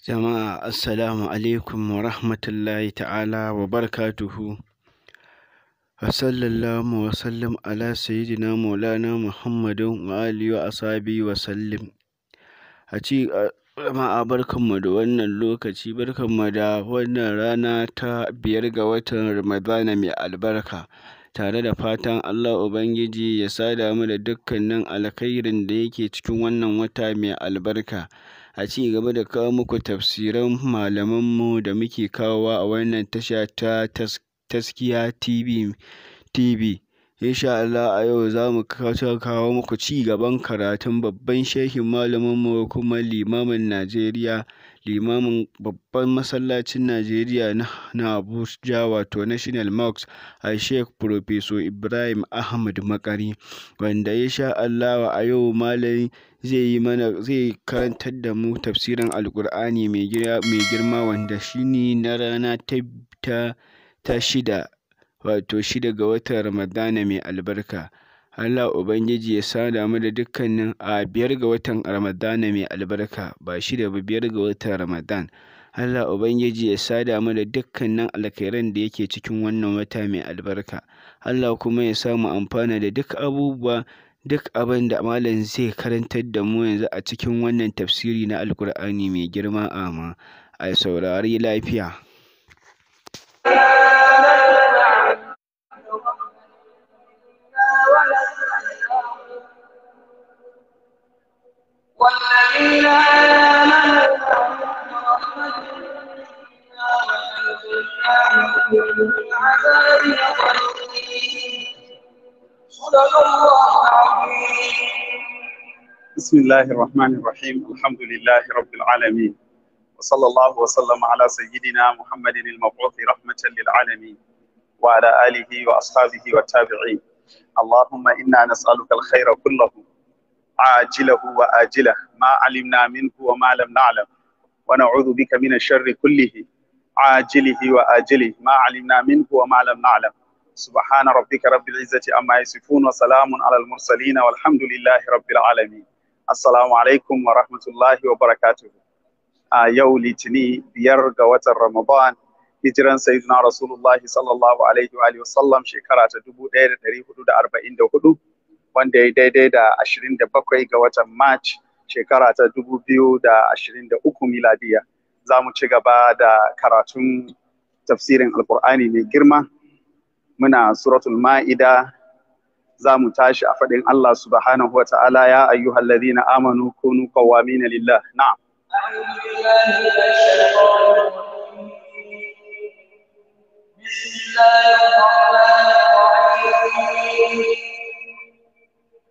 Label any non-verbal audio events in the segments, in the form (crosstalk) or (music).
Jama'a assalamu alaikum wa rahmatullahi ta'ala wa barakatuhu. Wa sallallahu wa sallam ala sayyidina maulana Muhammadin wa alihi wa ashabi wa sallim. A ci jama'a barkanmu da wannan lokaci barkanmu da wannan rana ta biyar ga watan Ramadana mai albarka. tare da fatan Allah Ubangiji ya sada mu da dukkanin alkhairin da yake cikin wannan wata mai albarka. a ci gaba da kawo muku tafsiran malamanmu da muke kawowa a wannan tasha ta Taskiya TV. TV. Insha Allah a yau za mu kawo muku ci gaban karatun babban shehin malaminmu kuma limamin Najeriya limamin babban masallacin Najeriya na Abuja wato National Mosque a Sheikh Profeso Ibrahim Ahmad Makari, wanda ya sha Allahu a yau malami zai yi mana zai karantar da mu tafsirin Alƙur'ani mai girma wanda shine na rana ta ta shida wato shida ga watan Ramadana mai albarka. Allah Ubangiji ya sada mu da dukkanin a biyar ga watan Ramadana mai albarka ba shi da biyar ga watan Ramadan. Allah Ubangiji ya sada mu da dukkanin alkhairan da yake cikin wannan wata mai albarka. Allah kuma ya samu amfana da duk abubuwa duk abin da malam zai karantar da mu yanzu a cikin wannan tafsiri na Alkur'ani mai girma amma a saurari lafiya. ولا والذين رحمة الله بسم الله الرحمن الرحيم الحمد لله رب العالمين وصلى الله وسلم على سيدنا محمد المبعوث رحمة للعالمين وعلى آله وأصحابه والتابعين اللهم إنا نسألك الخير كله عاجله وآجله ما علمنا منه وما لم نعلم ونعوذ بك من الشر كله عاجله وآجله ما علمنا منه وما لم نعلم سبحان ربك رب العزة أما يصفون وسلام على المرسلين والحمد لله رب العالمين السلام عليكم ورحمة الله وبركاته yau litini biyar ga watan Ramadan hijiran sayyidina Rasulullahi sallallahu alaihi wa sallam shekara ta 1444 wanda ya daidai da 27 ga watan March shekara ta 2023 miladiya. Za mu ci gaba da karatun tafsirin Alkur'ani mai girma. Muna suratul ma'ida za mu tashi a faɗin Allah subhanahu wa ta'ala ya ayyuhal ladina amanu kunu qawwamina lillah. Na'am. بسم الله الرحمن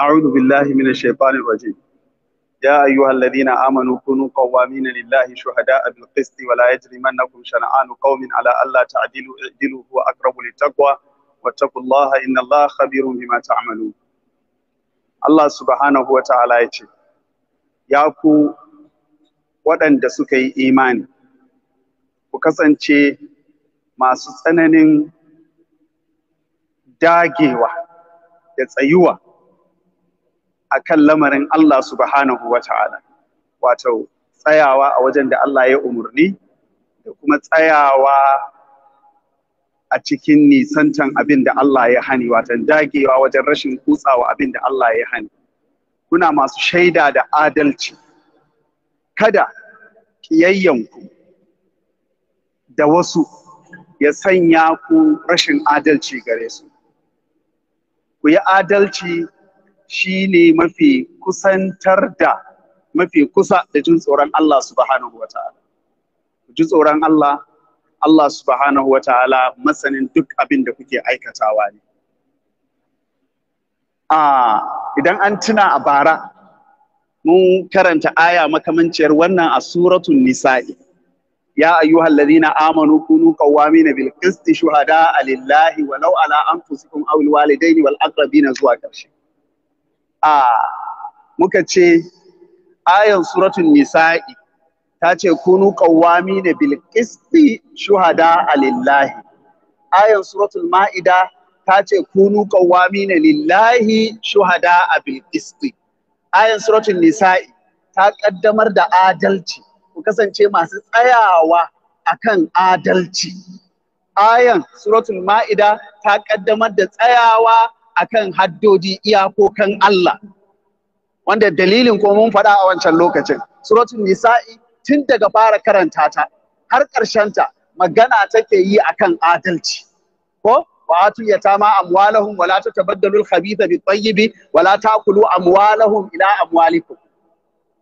أعوذ بالله من الشيطان الرجيم يا أيها الذين آمنوا كونوا قوامين لله شهداء بالقسط ولا يجرمنكم شنعان قوم على ألا تعدلوا اعدلوا هو أقرب للتقوى واتقوا الله إن الله خبير بما تعملون الله سبحانه وتعالى يتي يا ku waɗanda suka yi imani ku kasance masu tsananin dagewa da tsayuwa akan lamarin Allah subhanahu wa ta'ala wato tsayawa a wajen da Allah ya umarni da kuma tsayawa a cikin nisantan abin da Allah ya hani wato dagewa wajen rashin kutsawa abin da Allah ya hani kuna masu shaida da adalci kada ƙiyayyanku da wasu ya sanya ku rashin adalci gare su ku yi adalci shine mafi kusantar da mafi kusa da jin tsoron Allah subhanahu wa ta'ala tsoron Allah Allah subhanahu wa masanin duk abin da kuke aikatawa ne idan an tuna a bara mun karanta aya makamanciyar wannan a suratun nisa'i ya ayyuhal ladina amanu kunu qawwamina bil qisti shuhada lillahi walau ala anfusikum aw al walidaini wal aqrabina zuwa karshe a muka ce ayan suratun nisa'i ta ce kunu kawami ne bil qisti shuhada lillahi ayan suratun ma'ida ta ce kunu kawami na lillahi shuhada a qisti ayan suratun nisa'i ta kaddamar da adalci ku kasance masu tsayawa akan adalci ayan suratun ma'ida ta kaddamar da tsayawa akan haddodi iyakokan Allah wanda dalilin ko mun faɗa a wancan lokacin suratul nisa'i tun daga fara karanta ta har ta magana take yi akan adalci ko wa atu yatama amwalahum wala tatabaddalu al-khabitha bit tayyib wala ta'kulu amwalahum ila amwalikum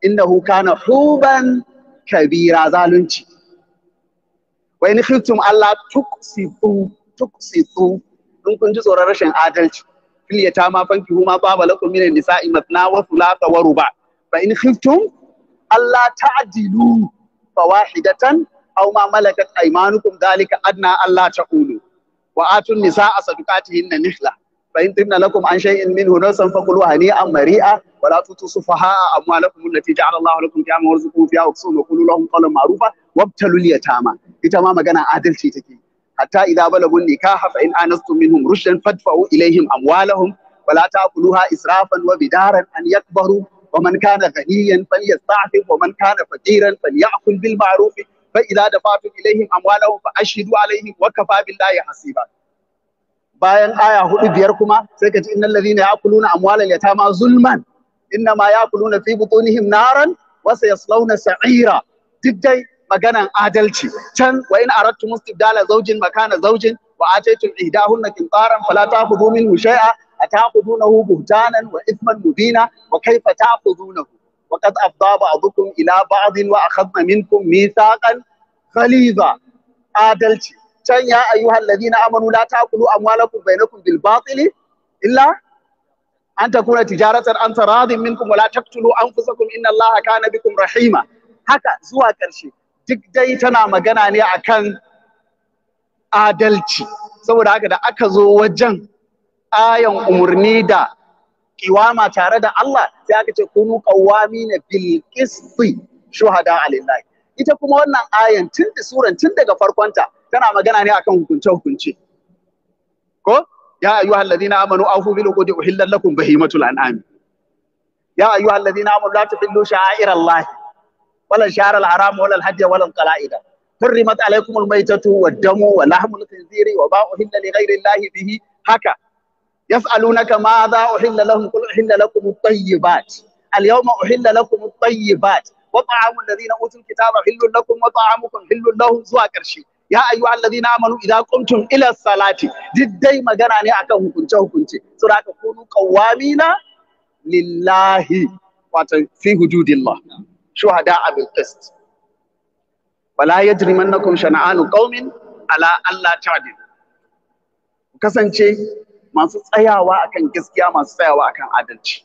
innahu kana huban kabira zalunci wa in khiftum alla tuqsitu tuqsitu in kun ji tsoron rashin adalci fil ma fanki huma ba lakum minan nisa'i matna wa thulatha wa ruba fa in khiftum alla ta'dilu fawahidatan aw ma malakat aymanukum dhalika adna alla ta'ulu wa atun nisa'a sadaqatihinna nihla fa in tibna lakum an shay'in minhu nasan faqulu am mari'a wa la tutu sufaha'a amwalakum allati ja'ala Allahu lakum qiyaman fiha wa qulu lahum qawlan ma'rufa wabtalul yatama ita ma magana adalci take hatta idza balagun nikaha fa in anastum minhum rushdan fadfa'u ilaihim amwalahum wala ta'kuluha israfan wa bidaran an yakbaru ومن كان غنيا فليستعفف ومن كان فقيرا فليأكل بالمعروف فإذا دفعتم إليهم أموالهم فأشهدوا عليهم وكفى بالله bayan aya hudu biyar kuma sai ka ji innal ladhina ya'kuluna amwalal yatama zulman innama ya'kuluna fi butunihim naran wa sayaslawna sa'ira duk dai maganan adalci can wa in aradtum istibdala zawjin makana zawjin wa ataytum ihdahunna qintaran fala ta'khudhu minhu shay'a ata'khudunahu buhtanan wa ithman mubina wa kayfa ta'khudunahu وقد أفضى بعضكم إلى بعض وأخذنا منكم ميثاقا غليظا adalci can ya ayyuhal ladina amanu la taqulu amwalakum bainakum bil batili illa an takuna tijaratan an taradin minkum wa la taqtulu anfusakum inna allaha kana bikum rahima haka zuwa karshe duk dai tana magana ne akan adalci saboda haka da aka zo wajen ayan umarni da kiwama tare da Allah sai aka ce kunu qawwami na bil qisti shuhada alillahi ita kuma wannan ayan tun da suran tun daga farkonta tana magana ne akan hukunce hukunce ko ya ayyuhal ladina amanu afu bil qudi uhillal lakum bahimatul an'am ya ayyuhal ladina amanu la tuhillu sha'airallahi ولا الشعر الحرام ولا الحج ولا القلائد حرمت عليكم الميتة والدم ولحم الخنزير وما أهل لغير الله به هكا يسألونك ماذا أحل لهم قل أحل لكم الطيبات اليوم أحل لكم الطيبات وطعام الذين أوتوا الكتاب حل لكم وطعامكم حل لهم زوا كرشي ya ayu alladhina amanu idza qumtum ila salati diddai magana ne akan hukunce hukunce sura ka kunu qawamina lillahi wato fi hududillah shuhada'a bil qist wala yajrimannakum shana'anu qaumin ala alla ta'dil kasance masu tsayawa akan gaskiya masu tsayawa akan adalci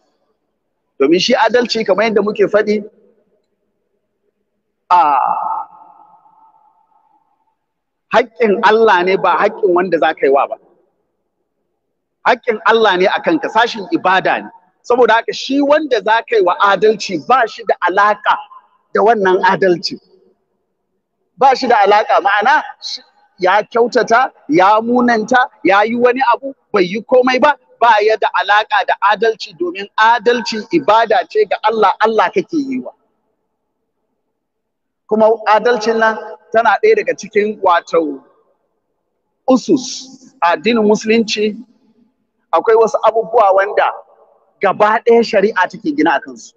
domin shi adalci kamar yadda muke faɗi a haƙƙin Allah ne ba haƙƙin wanda za ka yi wa ba haƙƙin Allah ne akan kanka sashin ibada ne saboda haka shi wanda za ka yi wa adalci ba shi da alaka da wannan adalci ba shi da alaka ma'ana ya kyautata ya munanta ya yi wani abu bai yi komai ba ba ya da alaka da adalci domin adalci ibada ce ga Allah Allah kake yi wa kuma adalcin nan tana ɗaya daga cikin wato usus addinin musulunci akwai wasu abubuwa wanda gaba ɗaya shari'a take gina a kansu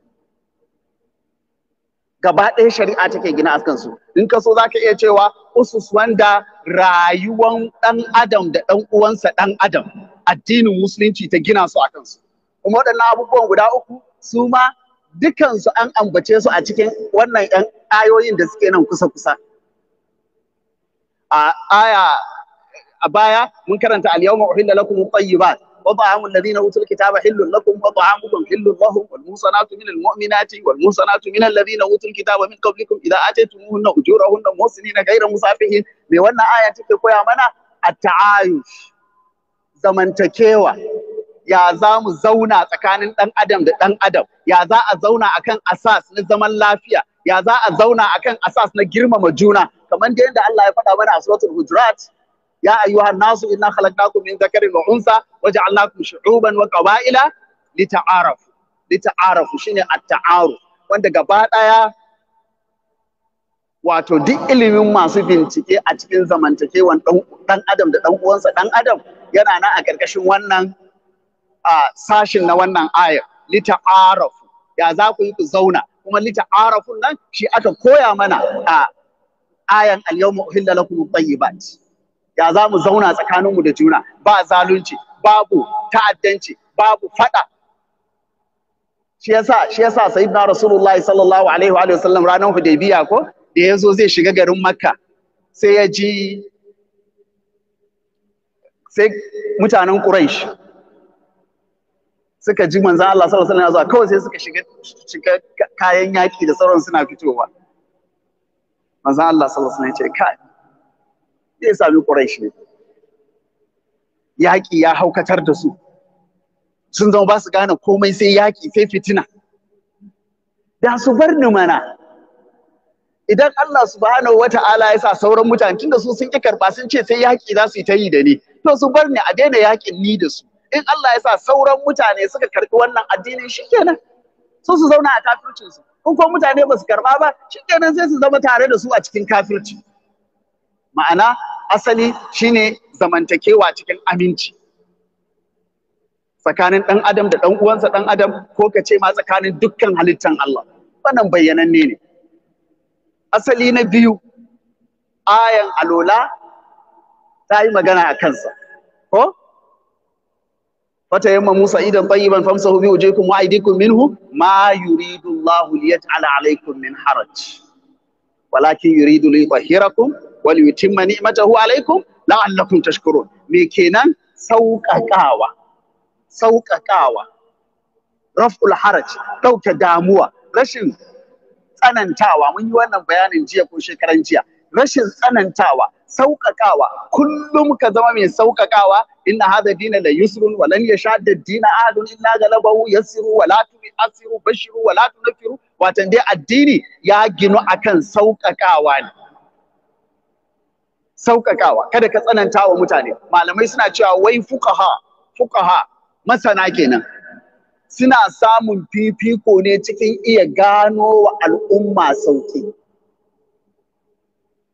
gaba ɗaya shari'a take gina a kansu in ka so zaka iya cewa usus wanda rayuwan ɗan adam da ɗan uwansa ɗan adam addinin musulunci ta gina su a kansu kuma waɗannan abubuwan guda uku su ma dukansu an ambace su a cikin wannan ƴan ayoyin da suke nan kusa-kusa a aya a baya mun karanta al-yawma uhilla lakum at-tayyibat وطعام الذين اوتوا الكتاب حل لكم وطعامكم حل لهم والمحصنات من المؤمنات والمحصنات من الذين اوتوا الكتاب من قبلكم اذا اتيتموهن اجورهن محسنين غير مسافحين me wannan aya take koya mana A ta'ayu, zamantakewa ya za mu zauna tsakanin ɗan adam da ɗan adam ya za a zauna akan asas na zaman lafiya ya za a zauna akan asas na girmama juna kamar da yadda Allah ya faɗa mana a suratul ya ayyuhan nasu inna khalaqnakum min dhakarin wa unsa waja'alnakum shu'uban wa qaba'ila lita'arafu lita'arafu shine at-ta'aruf wanda gaba ɗaya wato duk ilimin masu bincike a cikin zamantakewan dan adam da dan uwansa dan adam yana nan a ƙarƙashin wannan sashin na wannan ayar lita'arafu ya za ku yi ku zauna kuma lita'arafun nan shi aka koya mana a ayan al-yawma uhilla lakum at-tayyibat ya za mu zauna tsakaninmu da juna ba zalunci babu ta'addanci babu fada shi yasa shi yasa sayyidina rasulullahi sallallahu alaihi wa sallam ranar hudaybiya ko da yazo zai shiga garin makka sai ya ji sai mutanen quraish suka ji manzo Allah sallallahu alaihi wa sallam kawai sai suka shiga shiga kayan yaki da sauran suna fitowa manzo Allah sallallahu alaihi wa sallam ya ce kai zai sami Quraysh ne yaƙi ya haukatar da su sun zama ba su gane komai sai yaƙi sai fitina da su bar ni mana idan Allah subhanahu wata'ala ya sa sauran mutane tunda su sun ki karba sun ce sai yaki za su yi ta yi da ni to su bar ni a daina yaƙin ni da su in Allah ya sa sauran mutane suka karbi wannan addinin shikenan su su zauna a kafircin su in ko mutane ba su karba ba shikenan sai su zama tare da su a cikin kafirci ma'ana asali shine zamantakewa cikin aminci tsakanin dan adam da ɗan uwansa dan adam ko ka ce ma tsakanin dukkan halittan Allah wannan bayyananne ne asali na biyu ayan alola ta yi magana a kansa ko fata yamma musa idan tayyiban famsahu bi wujuhikum wa aydikum minhu ma yuridu Allah liyaj'ala alaykum min haraj walakin yuridu li yutahhirakum wa li yutimma ni'matahu alaykum la'allakum tashkurun me kenan sauƙaƙawa sauƙaƙawa raf'ul haraj ɗauke damuwa rashin tsanantawa mun yi wannan bayanin jiya ko shekaran jiya rashin tsanantawa sauƙaƙawa kullum ka zama mai sauƙaƙawa inna hadha dina la yusrun wa lan yashadda dina ahadun illa galabahu yassiru wa la tu'asiru bashiru wa la tunfiru watan dai addini ya ginu akan sauƙaƙawa ne sauƙaƙawa kada ka tsananta wa mutane malamai suna cewa wai fuqaha fuqaha masana kenan suna samun fifiko ne cikin iya gano wa al'umma sauƙi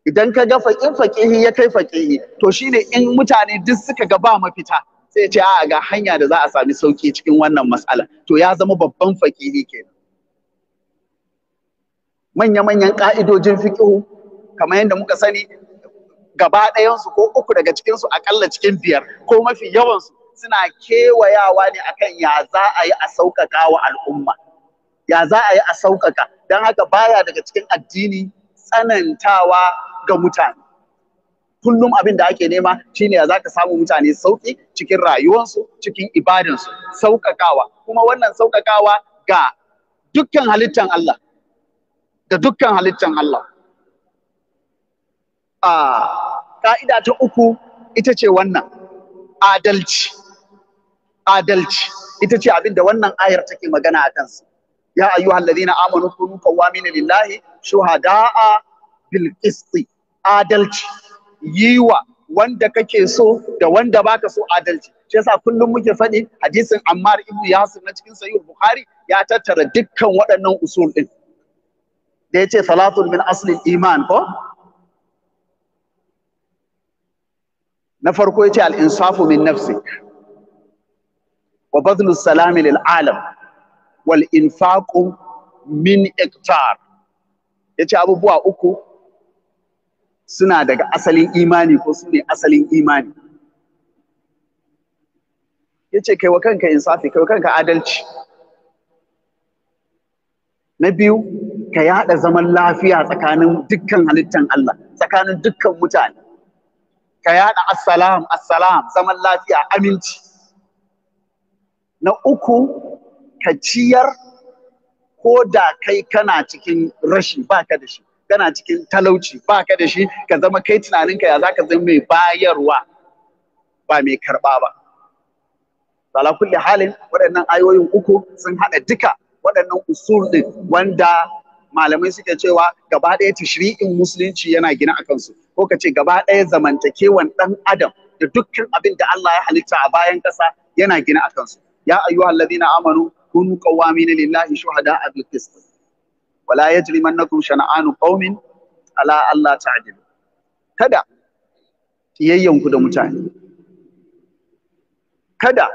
idan ka ga faƙin faƙihi ya kai faƙihi to shine in mutane duk suka ga ba mafita sai ce a ga hanya da za a sami sauƙi cikin wannan matsala to ya zama babban faƙihi kenan manya-manyan ƙa'idojin fiƙihu kamar yadda muka sani gaba ɗayansu ko uku daga cikinsu aƙalla cikin biyar ko mafi yawansu suna kewayawa ne akan ya za a yi a sauƙaƙa wa al'umma ya za a yi a sauƙaƙa don haka baya daga cikin addini tsanantawa ga mutane kullum abin da ake nema shine ya za ka samu mutane sauƙi cikin rayuwarsu cikin ibadansu sauƙaƙawa kuma wannan sauƙaƙawa ga dukkan halittan Allah da dukkan halittan Allah a ka'ida ta uku ita ce wannan adalci adalci ita ce abin da wannan ayar take magana a kansa ya ayyuhal ladina amanu kunu qawwamina lillahi shuhada'a bil adalci yiwa wanda kake so da wanda baka so adalci shi yasa kullum muke faɗi hadisin Ammar ibn Yasir na cikin Sahih Bukhari ya tattara dukkan waɗannan usul din da ya ce min aslin iman ko na farko ya ce al'insafu min nafsi wa batnu salami lil alam wal infaqu min iktar ya ce abubuwa uku suna daga asalin imani ko su ne asalin imani ya ce kai wa kanka insafi kai wa kanka adalci na biyu ka yaɗa zaman lafiya tsakanin dukkan halittan Allah tsakanin dukkan mutane ka yaɗa assalam assalam zaman lafiya aminci na uku ka ciyar ko da kai kana cikin rashi baka da shi kana cikin talauci baka da shi ka zama kai tunaninka ya zaka zama mai bayarwa ba mai karɓa ba ala kulli halin waɗannan ayoyin uku sun haɗa duka waɗannan usul ɗin wanda malamai suke cewa gaba ɗaya tashri'in musulunci yana gina akan su ko ka ce gaba ɗaya zamantakewan ɗan adam da dukkan abin da Allah ya halitta a bayan ƙasa yana gina akan su ya ayyuhal ladina amanu kunu na lillahi shuhada bil qist wala yajrimannakum shana'anu qaumin ala Allah ta'dilu kada kiyayyanku da mutane kada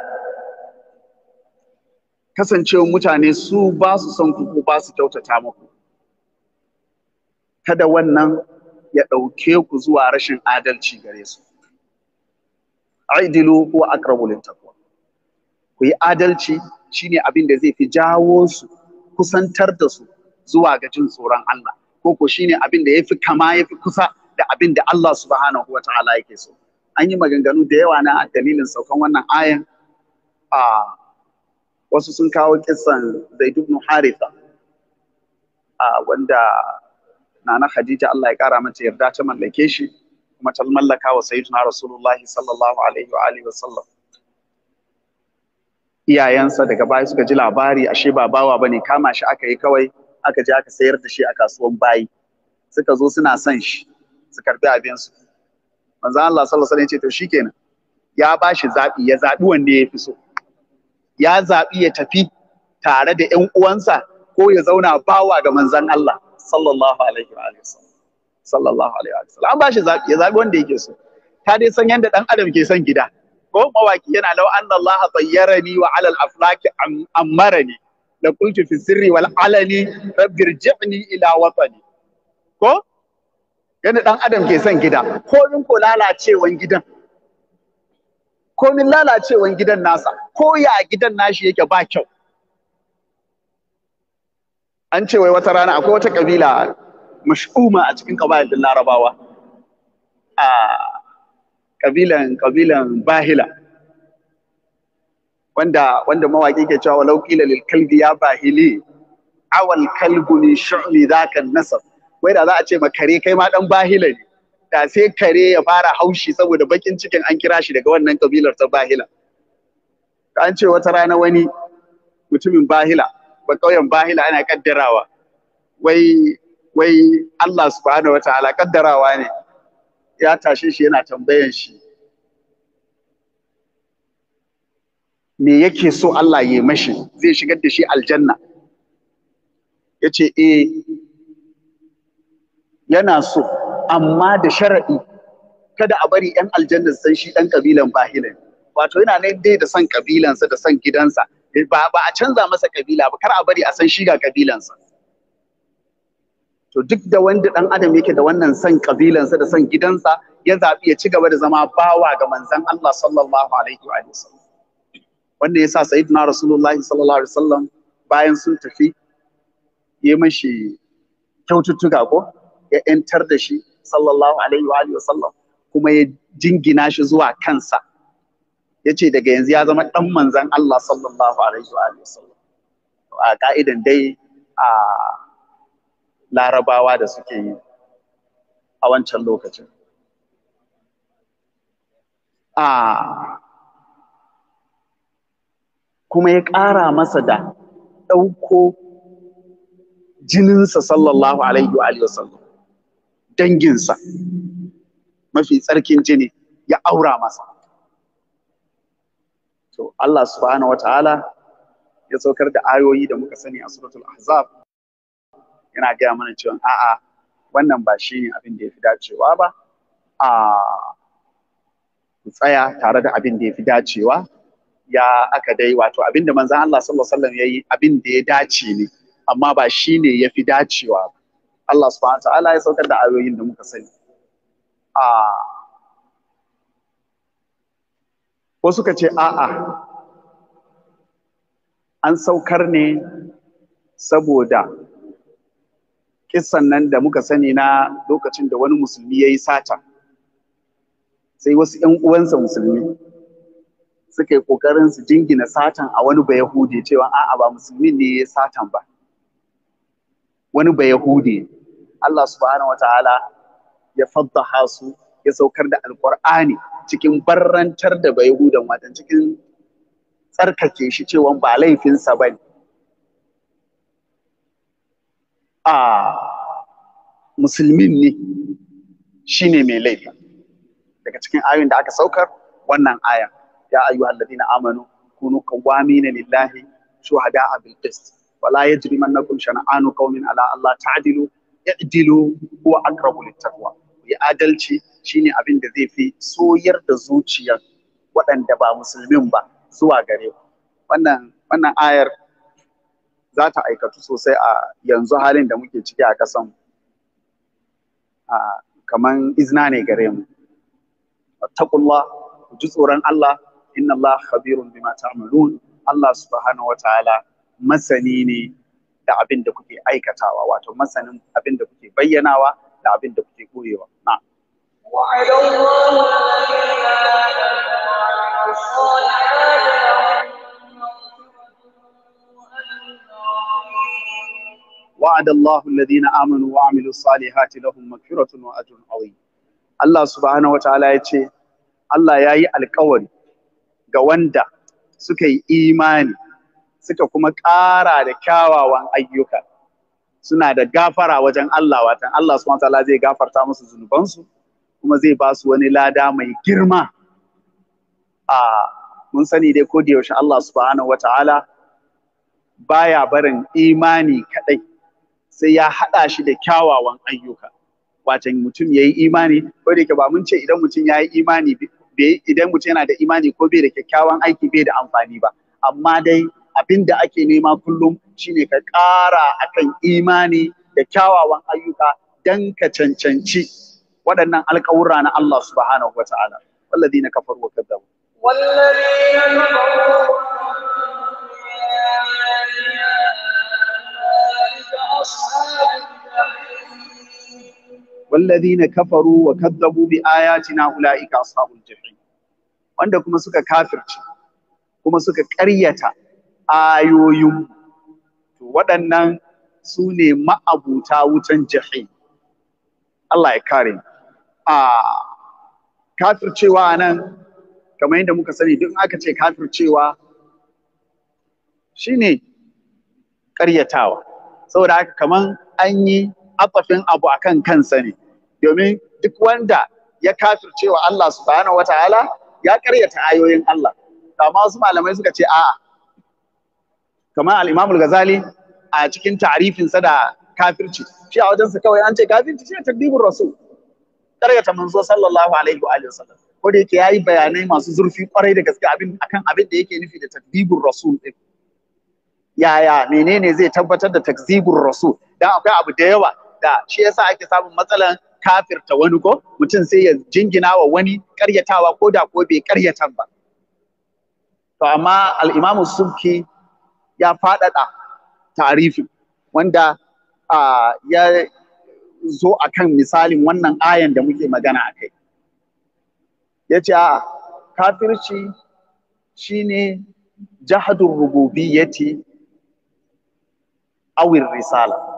kasancewa mutane su ba su son ku ko ba su kyautata muku kada wannan ya ɗauke ku zuwa rashin adalci gare su aidilu ko aqrabu littaqwa ku yi adalci shine abin da zai fi jawo su kusantar da su zuwa ga jin tsoron Allah ko ko shine abin da yafi kama yafi kusa da abin da Allah subhanahu ta'ala yake so an yi maganganu da yawa na dalilin saukan wannan ayan a wasu sun kawo kisan zaid ibn haritha a wanda nana khadija Allah ya kara mata yarda ta mallake shi kuma ta mallaka wa sayyidina rasulullahi sallallahu alaihi wa alihi wasallam iyayensa daga baya suka ji labari ashe ba bawa bane kama shi aka yi kawai aka je aka sayar da shi a kasuwan bayi suka zo suna son shi su karbi abin su manzo Allah sallallahu alaihi wa sallam ya ce to shikenan ya bashi shi zabi ya zabi wanda ya fi so ya zaɓi ya tafi tare da ‘yan uwansa ko ya zauna bawa ga manzan Allah sallallahu alaihi wa sallallahu alaihi wa sallam an ba shi zaɓi ya zaɓi wanda yake so ta dai san yadda ɗan adam ke son gida ko mawaki yana lau anna Allah wa alal aflaki ammarani la qultu fi sirri wal alani rabbirji'ni ila watani ko yadda ɗan adam ke son gida Ko yin ko lalacewan gidan komin lalacewan gidan nasa ko ya gidan nashi yake ba kyau an ce wai wata rana akwai wata kabila mash'uma a cikin kabilan larabawa a kabilan kabilan bahila wanda wanda mawaki ke cewa walau qila lil kalbi ya bahili awal kalbu ni shu'li dhaka nasab wai da za a ce ma kare kai ma dan bahila ne da sai kare ya fara haushi saboda bakin cikin an kira shi daga wannan kabilar ta bahila an ce wata rana wani mutumin bahila ba kauyen bahila ana kaddarawa wai wai Allah subhanahu wataala kaddarawa ne ya tashe shi yana tambayan shi me yake so Allah ya mashi zai shigar da shi aljanna yace eh yana so amma da sharaɗi kada a bari 'yan aljanna san shi ɗan ƙabilan bahila wato yana nan dai da son ƙabilansa da son gidansa eh, ba a canza masa ƙabila ba kar a bari a san shi ga ƙabilansa to duk da wanda ɗan adam yake da wannan son ƙabilansa da son gidansa ya zabi ya ci gaba da zama bawa ga manzon Allah sallallahu alaihi wa wannan yasa sayyidina rasulullahi sallallahu alaihi wasallam bayan sun tafi yi mashi kyaututtuka ko ya 'yantar da shi sallallahu alaihi wa sallam kuma ya jingina shi zuwa kansa ya ce daga yanzu ya zama ɗan manzan Allah sallallahu alaihi wa sallam a ka'idan dai a larabawa da suke yi a wancan lokacin a kuma ya ƙara masa da ɗauko jininsa sallallahu alaihi wa sallam danginsa mafi tsarkin jini ya aura masa to Allah subhanahu wataala ya saukar da ayoyi da muka sani a suratul ahzab yana gaya mana cewa a'a wannan ba shi ne abin da ya fi dacewa ba a tsaya tare da abin da ya fi dacewa ya aka dai wato abin da manzan Allah sallallahu alaihi wasallam yayi abin da ya dace ne amma ba shi ne ya fi dacewa ba Allah subhanahu ta'ala ya saukar da ayoyin da muka sani a ko suka ce a'a an saukar ne saboda kissan nan da muka sani na lokacin da wani musulmi ya yi sata sai wasu ‘yan uwansa musulmi suka yi ƙoƙarin su jingina satan a wani Bayahudi, cewa a'a ba musulmi ne ya satan ba wani Bayahudi. Allah subhanahu wataala ya faddaha su ya saukar da alqur'ani cikin barrantar da bai hudan wata cikin tsarkake shi cewa ba laifinsa ba ne a musulmin ne shi ne mai laifin daga cikin ayoyin da aka saukar wannan aya ya ayu ladina amanu kunu qawwamina lillahi shuhada bil qist ولا يجرمنكم شنآن قوم على ألا تعدلوا i'dilu ko aqrabu littaqwa ya adalci shine abin da zai fi soyar da zuciyar waɗanda ba musulmin ba zuwa gare wannan wannan ayar za ta aikatu sosai a yanzu halin da muke ciki a ƙasan kaman izna ne gare mu taqullah ji tsoron Allah inna Allah khabirun bima ta'malun Allah subhanahu wataala masani ne da abin da kuke aikatawa wato masanin abin da kuke bayyanawa da abin da kuke koyewa na وعد الله الذين آمنوا الصالحات وعد الله الذين آمنوا وعملوا الصالحات لهم مغفرة وأجر عظيم الله سبحانه وتعالى يتي الله ياي القول ga wanda suka yi imani suka kuma ƙara da kyawawan ayyuka suna da gafara wajen Allah watan Allah subhanahu wataala zai gafarta musu zunubansu kuma zai ba su wani lada mai girma a mun sani dai ko da yaushe Allah subhanahu wataala baya barin imani kadai sai ya hada shi da kyawawan ayyuka watan mutum yayi imani ko da yake ba mun ce idan mutum yayi imani idan mutum yana da imani ko bai da kyakkyawan aiki bai da amfani ba amma dai abin da ake nema kullum shine ka ƙara akan imani da kyawawan ayyuka dan ka cancanci waɗannan alƙawura na Allah subhanahu wa ta'ala wa كفروا وكذبوا والذين na والذين كفروا وكذبوا بآياتنا أولئك أصحاب الجحيم wanda kuma suka kafirci kuma suka ƙaryata ayoyin waɗannan su ne ma'abuta wutan jahi Allah ya kare a kafircewa nan kamar yadda muka sani duk aka ce kafircewa shine ƙaryatawa saboda haka kamar an yi atsafin abu akan kansa ne domin duk wanda ya kafircewa Allah subhanahu wataala ya ƙaryata ayoyin Allah amma wasu malamai suka ce a'a kamar al-Imam al-Ghazali a cikin ta'rifin sa da kafirci shi a wajen sa kawai an ce kafirci shi ne takdibur rasul karyata manzo sallallahu alaihi wa alihi ko da yake yayi bayanai masu zurfi kwarai da gaske abin akan abin da yake nufi da takdibur rasul din yaya menene zai tabbatar da takzibur rasul dan akwai abu da yawa da shi yasa ake samun matsalan kafirta wani ko mutum sai ya jingina wa wani karyatawa ko da ko bai karyata ba to amma al-imamu subki ya faɗaɗa tarifin wanda ya zo a kan misalin wannan ayan da muke magana a kai ya ce a kafirci shine jahadun ce, awir risala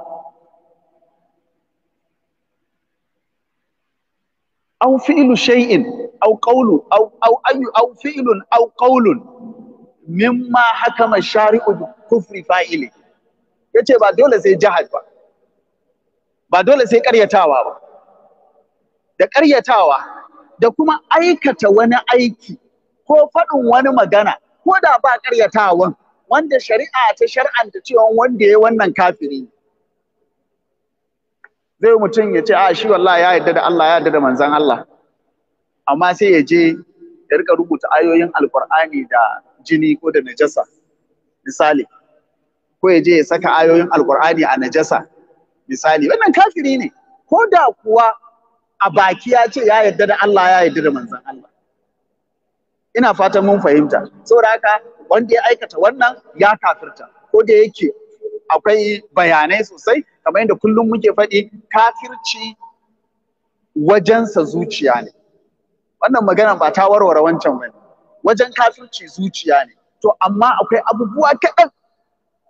Au fi'lu shay'in au qawlu au aw au aw au mimma hakama shari'u kufri fa'ili yace ba dole sai jihad ba ba dole sai ƙaryatawa ba da ƙaryatawa da kuma aikata wani aiki ko faɗin wani magana ko da ba ƙaryatawa wanda shari'a ta shar'anta cewa wanda ya wannan kafiri zai mutum ya ce a shi wallahi ya yarda da Allah ya yarda da manzon Allah amma sai ya je ya rika rubuta ayoyin alkur'ani da jini ko da najasa misali ko ya je ya saka ayoyin alkur'ani a najasa misali wannan kafiri ne ko da kuwa a baki ya ce ya yarda da Allah ya yarda da manzon Allah ina fatan mun fahimta saboda haka wanda ya aikata wannan ya kafirta ko da yake akwai bayanai sosai kamar yadda kullum muke faɗi kafirci wajensa zuciya ne wannan magana ba ta warware wancan bane wajen kafirci zuciya ne to amma akwai abubuwa kaɗan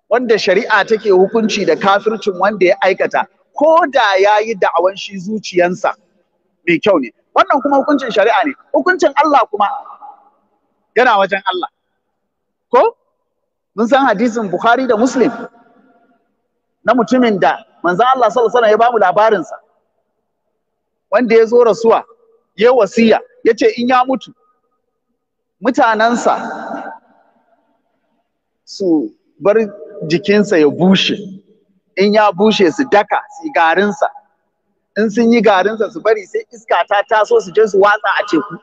wanda shari'a take hukunci da kafircin wanda ya aikata ko da ya yi da'awan shi zuciyansa mai kyau ne wannan kuma hukuncin shari'a ne hukuncin Allah kuma yana wajen Allah ko mun san hadisin Bukhari da Muslim na mutumin da manzon Allah sallallahu alaihi ya bamu labarinsa wanda ya zo rasuwa ya wasiya ya ce in ya mutu mutanensa su bar jikinsa ya bushe in ya bushe su daka su garinsa in sun yi garinsa su bari sai iska ta taso su je su watsa a teku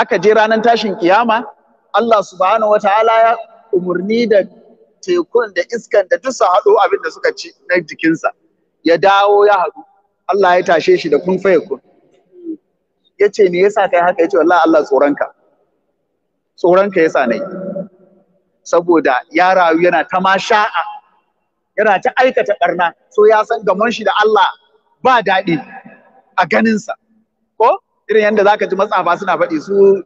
aka je ranar tashin kiyama Allah subhanahu wataala ya umarni da tekun da iskan da duk su haɗo abin da suka ci na jikinsa ya dawo ya haɗu Allah ya tashe shi da kun fayakun yace me yasa kai haka yace wallahi Allah tsoronka tsoronka yasa ne saboda ya rayu yana ta masha'a yana ta aikata barna so ya san gaman shi da Allah ba daɗi a ganinsa ko irin yadda zaka ji matsafa suna faɗi su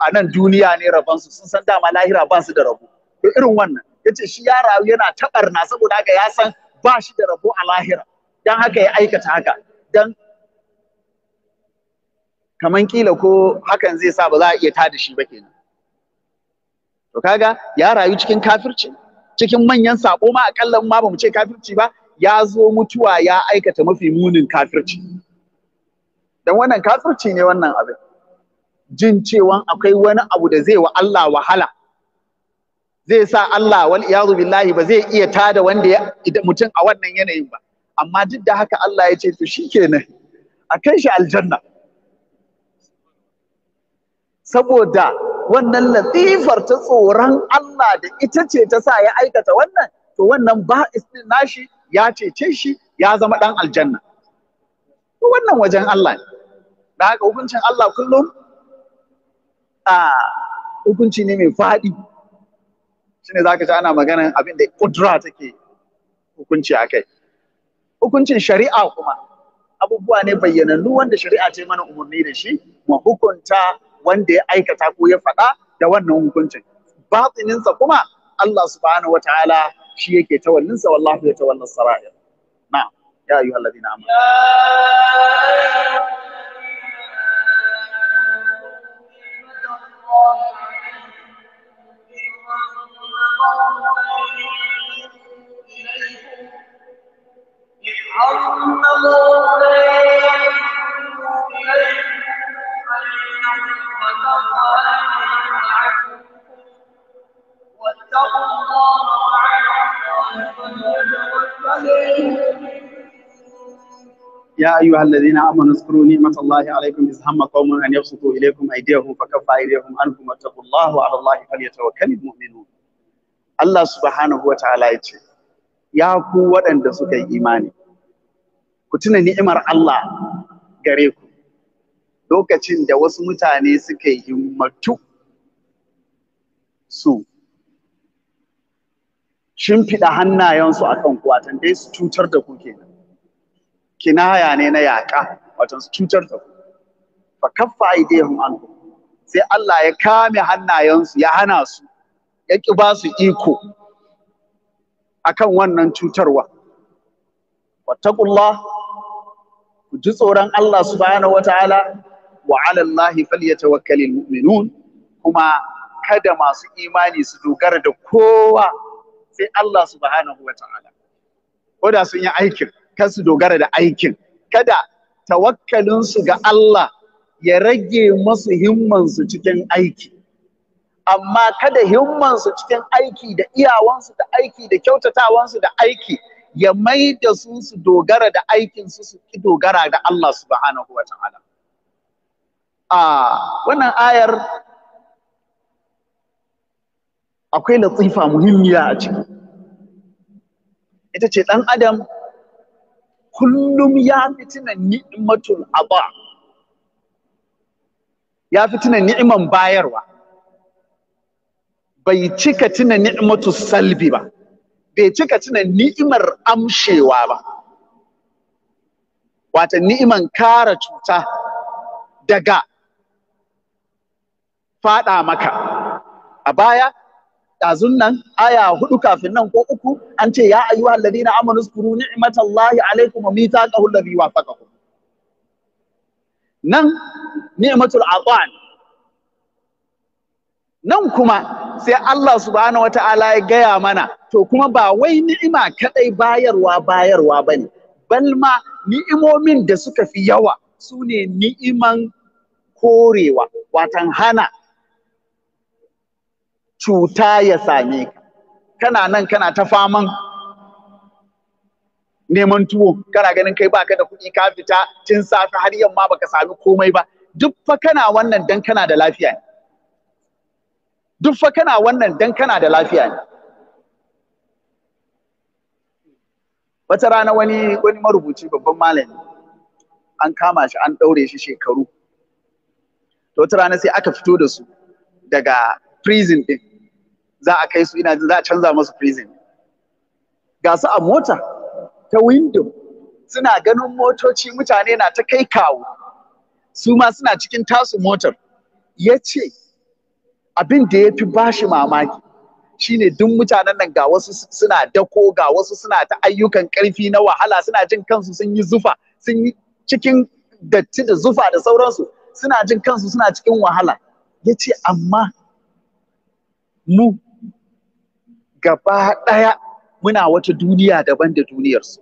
a nan duniya ne rabonsu sun san dama lahira ba su da rabo to irin wannan yace shi ya rayu yana ta barna saboda haka ya san ba shi da rabo a lahira dan haka ya aikata haka dan kaman kila ko hakan zai sa ba za a iya tada shi ba kenan to kaga ya rayu cikin kafirci cikin manyan sako ma akalla ma bamu ce kafirci ba ya zo mutuwa ya aikata mafi munin kafirci dan wannan kafirci ne wannan abin jin cewa akwai wani abu da zai wa Allah wahala zai sa Allah wal iyazu billahi ba zai iya tada wanda ya mutum a wannan yanayin ba amma duk da haka Allah ya ce to shikenan a kai shi aljanna saboda wannan latifar ta tsoron Allah da ita ce ta sa ya aikata wannan to wannan ba ɗin nashi ya cece shi ya zama dan aljanna to wannan wajen Allah ne da haka hukuncin Allah kullum a hukunci ne mai faɗi shine zaka ji ana maganan abin da kudura take hukunci akai hukuncin shari'a kuma abubuwa ne bayyanannu wanda shari'a ce mana umarni da shi mu hukunta wanda ya aikata ko ya faɗa da wannan hukuncin batsininsa kuma Allah subhanahu wataala shi yake tawallinsa wallahu ya tawalla sarair na ya ayyuha Allah amanu amma. يا أيها الذين آمنوا اذكروا نعمة الله عليكم إذ هم قوم أن يبسطوا إليكم أيديهم فكف أيديهم عنكم واتقوا الله وعلى الله فليتوكل المؤمنون Allah subhanahu wa ta'ala ya ce, Ya ku waɗanda suka yi imani, ku tuna ni'imar Allah gare ku, lokacin da wasu mutane suka yi himmatu su shimfiɗa hannayensu a kan kuwa dai su cutar da ku kenan kinaya ne na yaƙa wato su cutar da ku fa kaffa aidihim anhu sai Allah ya kame hannayensu ya hana su ya ƙi ba su iko akan wannan cutarwa wattaqullah ku ji tsoron Allah subhanahu wataala wa ala Allah falyatawakkalul mu'minun kuma kada masu imani su dogara da kowa sai Allah subhanahu wa ta'ala ko sun yi aikin kan su dogara da aikin kada tawakkalinsu ga Allah ya rage masu himmansu cikin aiki amma kada himmansu cikin aiki da iyawansu da aiki da kyautatawansu da aiki ya maida da su su dogara da aikinsu su ki dogara da Allah subhanahu wa ta'ala a wannan ayar akwai latifa muhimmiya a ciki ita ce ɗan adam kullum ya fitina ni'matul aba ya fitina ni'iman bayarwa bai cika tuna ni'matul salbi ba bai cika tuna ni'imar amshewa ba wata ni'iman kara cuta daga faɗa maka a baya ɗazun nan aya hudu kafin nan ko uku an ce ya ayyuhal ladina amanu zkuru ni'matallahi alaikum wa mithaqahu alladhi nan ni'imatul atan nan kuma sai Allah subhanahu ala ya gaya mana to kuma ba wai ni'ima kaɗai bayarwa bayarwa ba ne. balma ni'imomin da suka fi yawa su ne ni'iman korewa watan hana cuta ya same ka kana nan kana ta faman neman tuwo kana ganin kai baka da kuɗi ka fita tun safe har yamma baka sami komai ba duk fa kana wannan dan kana da lafiya ne duk fa kana wannan dan kana da lafiya ne wata rana wani wani marubuci babban malami an kama shi an ɗaure shi shekaru to wata rana sai aka fito da su daga prison din za a kai su ina za a canza musu prison ga su a mota ta window suna ganin motoci mutane na ta kai kawo su ma suna cikin tasu motar ya ce abin da ya fi bashi mamaki shine duk mutanen nan ga wasu suna dako ga wasu suna ta ayyukan karfi na wahala suna jin kansu sun yi zufa sun yi cikin datti da zufa da sauransu suna jin kansu suna cikin wahala ya ce amma mu gaba ɗaya muna wata duniya daban da duniyarsu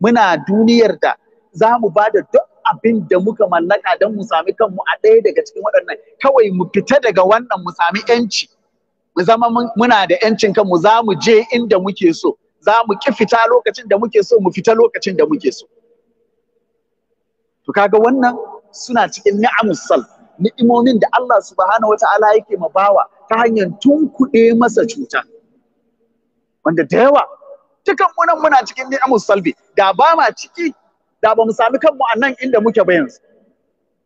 muna duniyar da za mu ba da duk abin da muka mallaka don mu sami kanmu a ɗaya daga cikin waɗannan kawai mu fita daga wannan mu sami yanci mu zama muna da yancin kanmu za mu je inda muke so za mu ki fita lokacin da muke so mu fita lokacin da muke so to kaga wannan suna cikin ni'amus sal ni'imomin da Allah subhanahu wata'ala yake mabawa, ta hanyar tunkuɗe masa cuta wanda da yawa dukan munan muna cikin ni'amus salbi da ba ma ciki da ba mu sami kanmu a nan inda muke ba yanzu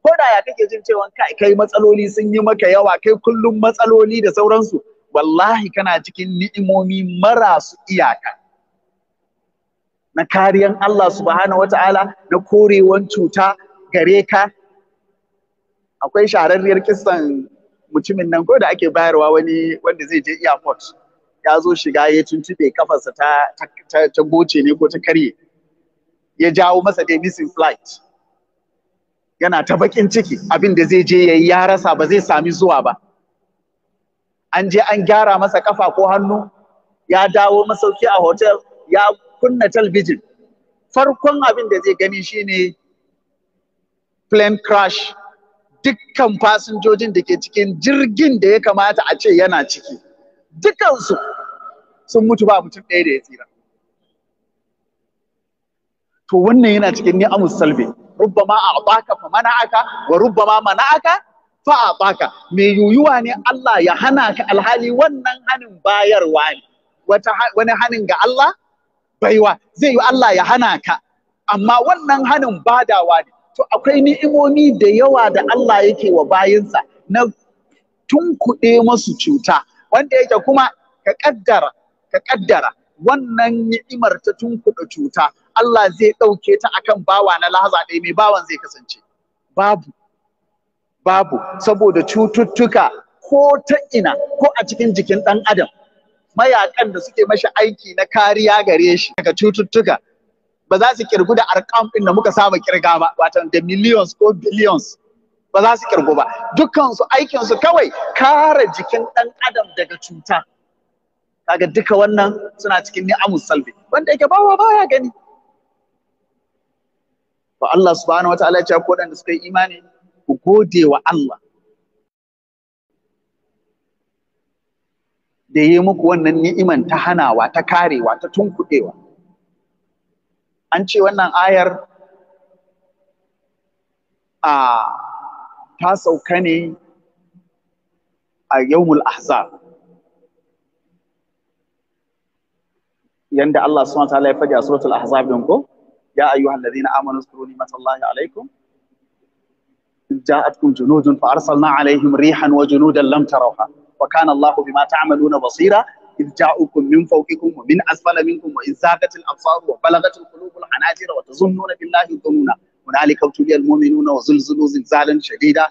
ko da ya kake jin cewa kai kai matsaloli sun yi maka yawa kai kullum matsaloli da sauransu wallahi kana cikin ni'imomi marasu iyaka na kariyan Allah subhanahu wata'ala na korewan cuta gare ka akwai shararriyar kissan mutumin nan ko da ake bayarwa wani wanda zai je airport ya zo shiga ya tuntube kafarsa ta ta goce ne ko ta karye ya jawo masa dai missing flight yana ta bakin ciki abin da zai je yayi ya rasa ba zai sami zuwa ba an je an gyara masa kafa ko hannu ya dawo masauki a hotel ya kunna talbijin farkon abin da zai gani shine plane crash dukkan fasinjojin da ke cikin jirgin da ya kamata a ce yana ciki dukansu sun mutu ba mutum ɗaya da ya tsira to wannan yana cikin ni'amus salbi rubbama baka fa mana'aka wa rubbama mana'aka fa a baka. me yuyuwa ne Allah ya hana ka alhali wannan hanin bayarwa ne wani hanin ga Allah baiwa zai yi Allah ya hana ka amma wannan hanin badawa ne to akwai ni'imomi da yawa da Allah yake wa bayinsa na tunkuɗe masu cuta wanda yake kuma ka ƙaddara ka kaddara wannan ni'imar ta tunkuɗa cuta Allah zai ɗauke ta akan bawa na lahaza ɗaya mai bawan zai kasance babu babu saboda cututtuka ko ta ina ko a cikin jikin ɗan adam mayakan da suke mashi aiki na kariya gare shi daga cututtuka ba za su kirgu da arkam ɗin da muka saba kirga ba wato da millions ko billions ba za su kirgu ba dukkan su aikin su kawai kare jikin ɗan adam daga cuta kaga duka wannan suna cikin ni'amus salbi wanda yake bawa baya gani to Allah subhanahu wataala ya ce ko da suka yi imani ku gode wa Allah da yi muku wannan ni'iman ta hanawa ta karewa ta tunkudewa an ce wannan ayar a ta sauka ne a yawmul ahzab yanda Allah subhanahu wataala ya faɗi a suratul ahzab din ko ya ayyuhal ladina amanu zkuru ni'matallahi alaikum ja'atkum junudun fa arsalna alaihim rihan wa junudan lam tarawha wa kana Allahu bima ta'maluna basira إذ جاءكم من فوقكم ومن أسفل منكم وإذ زاغت الأبصار وبلغت القلوب الحناجر وتظنون بالله الظنونا هنالك ابتلي المؤمنون وزلزلوا زلزالا شديدا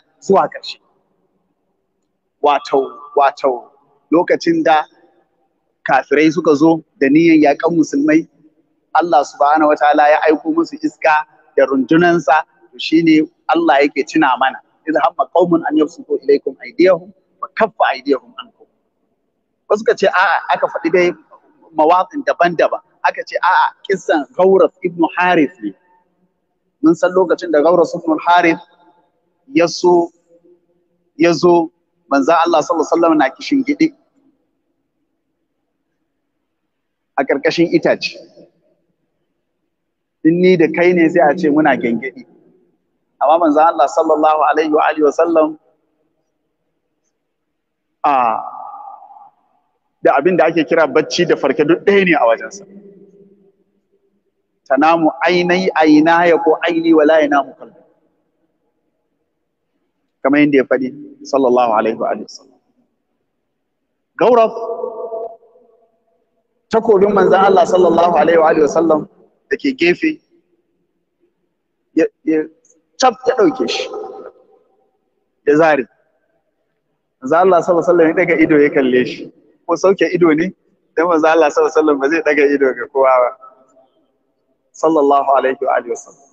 lokacin da kafirai suka zo da niyan yaƙan musulmai Allah subhanahu wataala ya aiko musu iska da rundunansa to shine Allah yake tuna mana idh hamma qaumun an yabsutu ilaikum aydiyahum wa kaffa aydiyahum ankum wasu ka ce a'a aka faɗi dai mawaƙin daban-daban aka ce a'a kissan Gauras ibn Harith ne mun san lokacin da Gauras ibn Harith ya so ya zo manzo Allah sallallahu alaihi wasallam na kishin gidi a ƙarƙashin itace in ni da kai ne sai a ce muna gengedi amma manzo Allah sallallahu alaihi wa alihi wasallam a da abin da ake kira bacci da farke duk ɗaya ne a wajensa tanamu ainai aina ya ko aini wala ya namu kalbi kamar yadda ya faɗi sallallahu alaihi wa alihi wasallam. sallam gauraf takobin manzan Allah sallallahu alaihi wa sallam da ke gefe ya cap ya ɗauke shi ya zare manzan Allah sallallahu alaihi wa sallam ya daga ido ya kalle shi ko sauke ido ne don manzan Allah sallallahu alaihi wa sallam ba zai daga ido ga kowa ba sallallahu alaihi wa sallam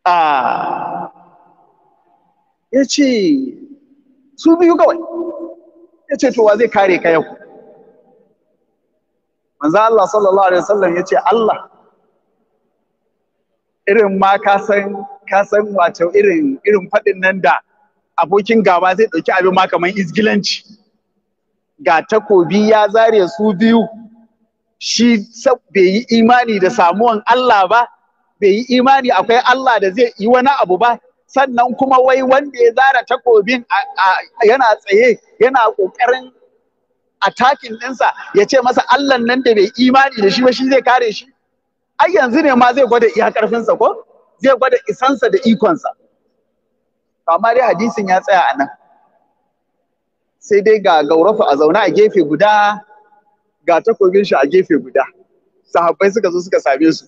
a ah. ya ce su biyu kawai ya ce to wa zai kare ka yau manzo Allah sallallahu alaihi wasallam ya ce Allah irin ma ka san ka san wato irin irin faɗin nan da abokin gaba zai ɗauki abin ma kamar izgilanci ga takobi ya zare su biyu shi bai yi imani da samuwan Allah ba bai yi imani akwai Allah da zai yi wani abu ba sannan kuma wai wanda ya zara takobin yana tsaye yana ƙoƙarin attacking ɗinsa ya ce masa Allah nan da bai imani da shi ba shi zai kare shi ai yanzu ne ma zai gwada iya ƙarfinsa ko zai gwada isansa da ikonsa amma dai hadisin ya tsaya anan. sai dai ga gaurafa a zaune a gefe guda ga takobin shi a gefe guda sahabbai suka zo suka same su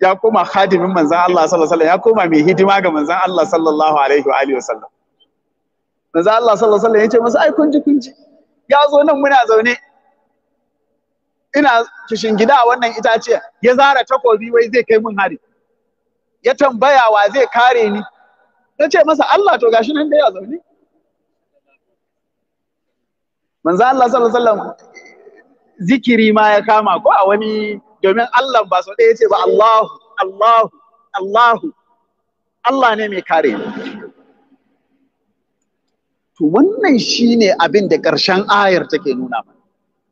ya koma khadimin manzan Allah sallallahu alaihi wasallam ya koma mai hidima ga manzan Allah sallallahu alaihi wa alihi wasallam manzan Allah sallallahu alaihi wasallam ya ce masa ai kun ji kun ji ya zo nan muna zaune ina kishin gida a wannan itace ya zara takobi wai zai kai mun hari ya tambaya wa zai kare ni na ce masa Allah to gashi nan da ya zaune manzan Allah sallallahu alaihi wasallam zikiri ma ya kama ko a wani domin Allah ba sau ɗaya ce ba Allahu Allahu Allahu Allah ne mai kare to wannan shine abin da ƙarshen ayar take nuna mana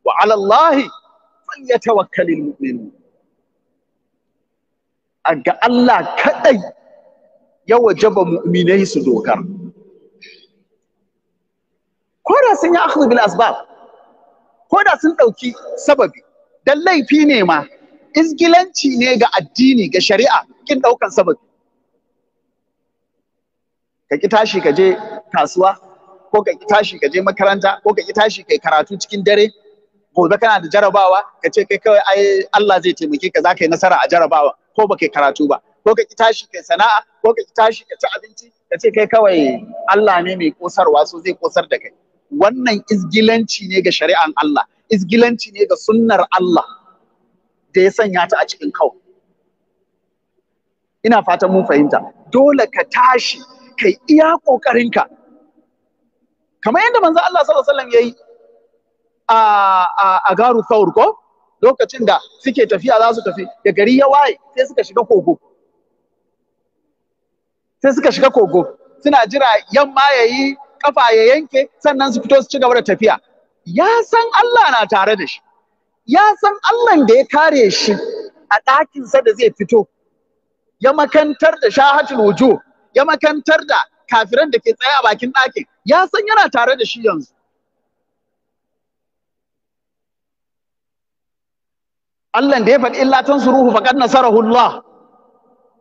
wa ya tawakkalin falyatawakkalul A ga Allah kaɗai ya wajaba mu'minai su dokar ko da sun yi akhdhu bil asbab ko da sun ɗauki sababi don laifi ne ma izgilanci ne ga addini ga shari'a kin ɗaukan sababi ka ki tashi ka je kasuwa ko ka ki tashi ka je makaranta ko ka ki tashi kai karatu cikin dare gobe kana da jarabawa ka ce kai kawai ai Allah zai taimake ka za ka yi nasara a jarabawa ko ba kai karatu ba ko ka ki tashi kai sana'a ko ka ki tashi ka ci abinci ka ce kai kawai Allah ne mai kosarwa so zai kosar da kai wannan izgilanci ne ga shari'an Allah izgilanci ne ga sunnar Allah da ya sanya ta a cikin kawo. ina fatan mun fahimta dole ka tashi kai iya ƙoƙarinka kamar yadda manzo Allah sallallahu alaihi wasallam yayi a a, a garu thawr ko lokacin da suke tafiya za su tafi da gari ya waye sai suka shiga kogo sai suka shiga kogo suna jira yamma yayi ƙafa ya yanke sannan su fito su ci gaba da tafiya ya san Allah na tare da shi ya san Allahn da ya kare shi a ɗakinsa da zai fito ya makantar da shahatul wujuh ya makantar da kafiran da ke tsaye a bakin ɗakin ya san yana tare da shi yanzu Allah da ya faɗi illa tansuruhu faqad nasarahu Allah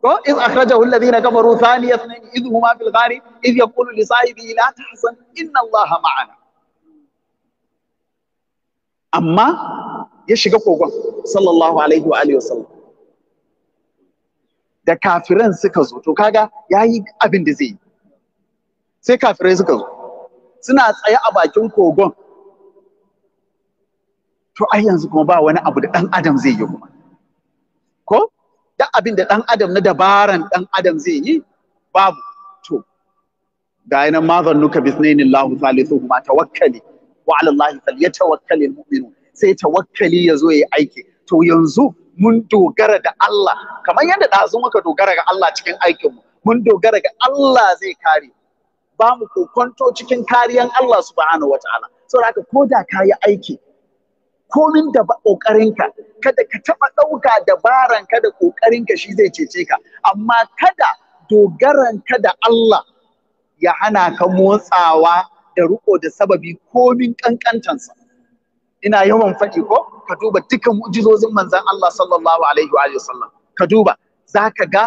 ko iz akhrajahu alladhina kafaru thaniya ithnain idh huma fil ghari idh yaqulu li sahibihi la tahzan inna Allah ma'ana amma ya shiga kogon sallallahu alaihi wa alihi wasallam da kafiran suka zo to kaga yayi abin da zai yi sai kafirai suka zo suna tsaye a bakin kogon to ai yanzu kuma ba wani abu da dan adam zai yi kuma ko da abin da dan adam na dabaran dan adam zai yi babu to ga yanan mazannuka bisnainillahi salisuhuma tawakkali wa fal ya falyatawakkalul mu'minun sai tawakkali ya zo yayi aiki to yanzu mun dogara da Allah kamar yadda ɗazu muka dogara ga Allah cikin mu mun dogara ga Allah zai kare ba mu kokonto cikin kariyan Allah subhanahu wataala saboda haka ko da ka yi aiki komin da ƙoƙarinka kada ka taɓa ɗauka dabaran ka da ƙoƙarinka shi zai cece ka amma kada dogaran ka da Allah ya hana ka motsawa da riko da sababi komin kankantansa ina yawan faɗi ko ka duba dukkan mu'jizozin manzon Allah sallallahu alaihi wa sallam ka duba zaka ga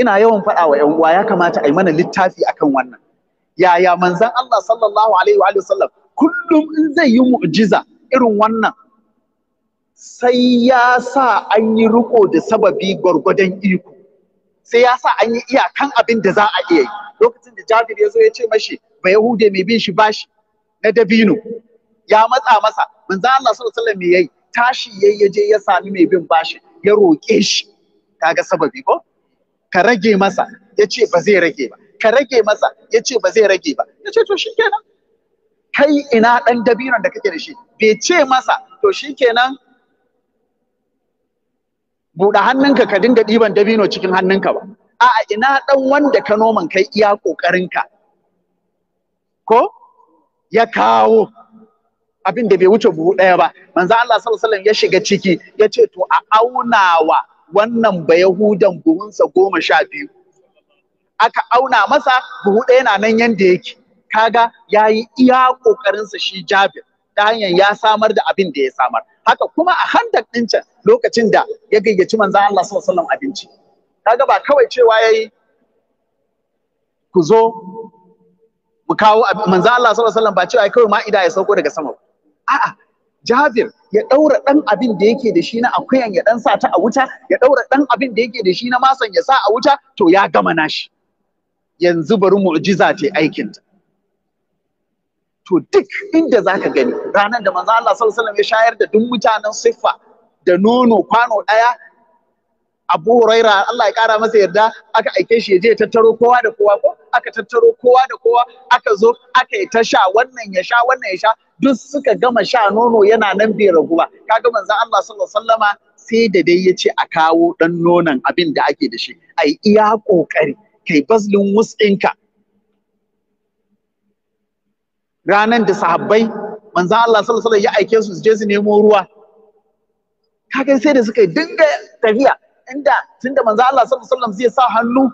ina yawan faɗa wa ƴan uwa ya kamata a yi mana littafi akan wannan yaya manzon Allah sallallahu alaihi wa sallam kullum in zai yi mu'jiza irin wannan sai ya sa an yi riko da sababi gwargwadon iko sai ya sa an yi iyakan abin da za a iya yi lokacin da Jabir ya zo ya ce mashi ba Yahude mai bin shi bashi na dabino ya matsa masa manzo Allah sallallahu alaihi wasallam yayi tashi yayi ya je ya sami mai bin bashi ya roƙe shi kaga sababi ko ka rage masa ya ce ba zai rage ba ka rage masa ya ce ba zai rage ba ya ce to shikenan kai ina dan dabinon da kake da shi bai ce masa to shikenan buɗe hannunka ka dinga ɗiban dabino cikin hannunka ba a'a ina ɗan wanda ka noman kai iya ƙoƙarinka ko ya kawo abin da bai wuce buhu ɗaya ba manzo Allah sallallahu alaihi ya shiga ciki ya ce to a aunawa wannan ba buhunsa goma sha biyu aka auna masa buhu ɗaya na nan yanda yake kaga yayi yi iya ƙoƙarinsa shi jabir ta hanyar ya samar da abin da ya samar haka kuma a handak ɗin can lokacin da ya gayyaci manzo Allah sallallahu alaihi abinci kaga ba kawai cewa yayi ku zo mu kawo manzo Allah sallallahu alaihi wasallam ba cewa kawai ma'ida ya sauko daga sama a'a Jabir ya ɗaura ɗan abin da yake da shi na akuyan ya ɗan sa ta a wuta, ya ɗaura ɗan abin da yake da shi na masan ya sa a wuta, to ya gama nashi. Yanzu bari mu'jiza ce aikinta. To duk inda zaka gani ranar da manzo Allah sallallahu alaihi ya shayar da duk mutanen siffa da nono kwano ɗaya Abu Huraira Allah ya kara masa yarda aka aike shi ya je tattaro kowa da kowa ko aka tattaro kowa da kowa aka zo aka yi ta sha wannan ya sha wannan ya sha duk suka gama sha nono yana nan bai ragu ba kaga manzon Allah sallallahu alaihi wasallama sai da dai ya ce a kawo dan nonon abin da ake da shi ai iya kokari kai bazlin wusinka ranan da sahabbai manzon Allah sallallahu alaihi wasallam ya aike su su je su nemo ruwa kaga sai da suka dinga tafiya inda tunda manzo Allah sallallahu alaihi wasallam zai sa hannu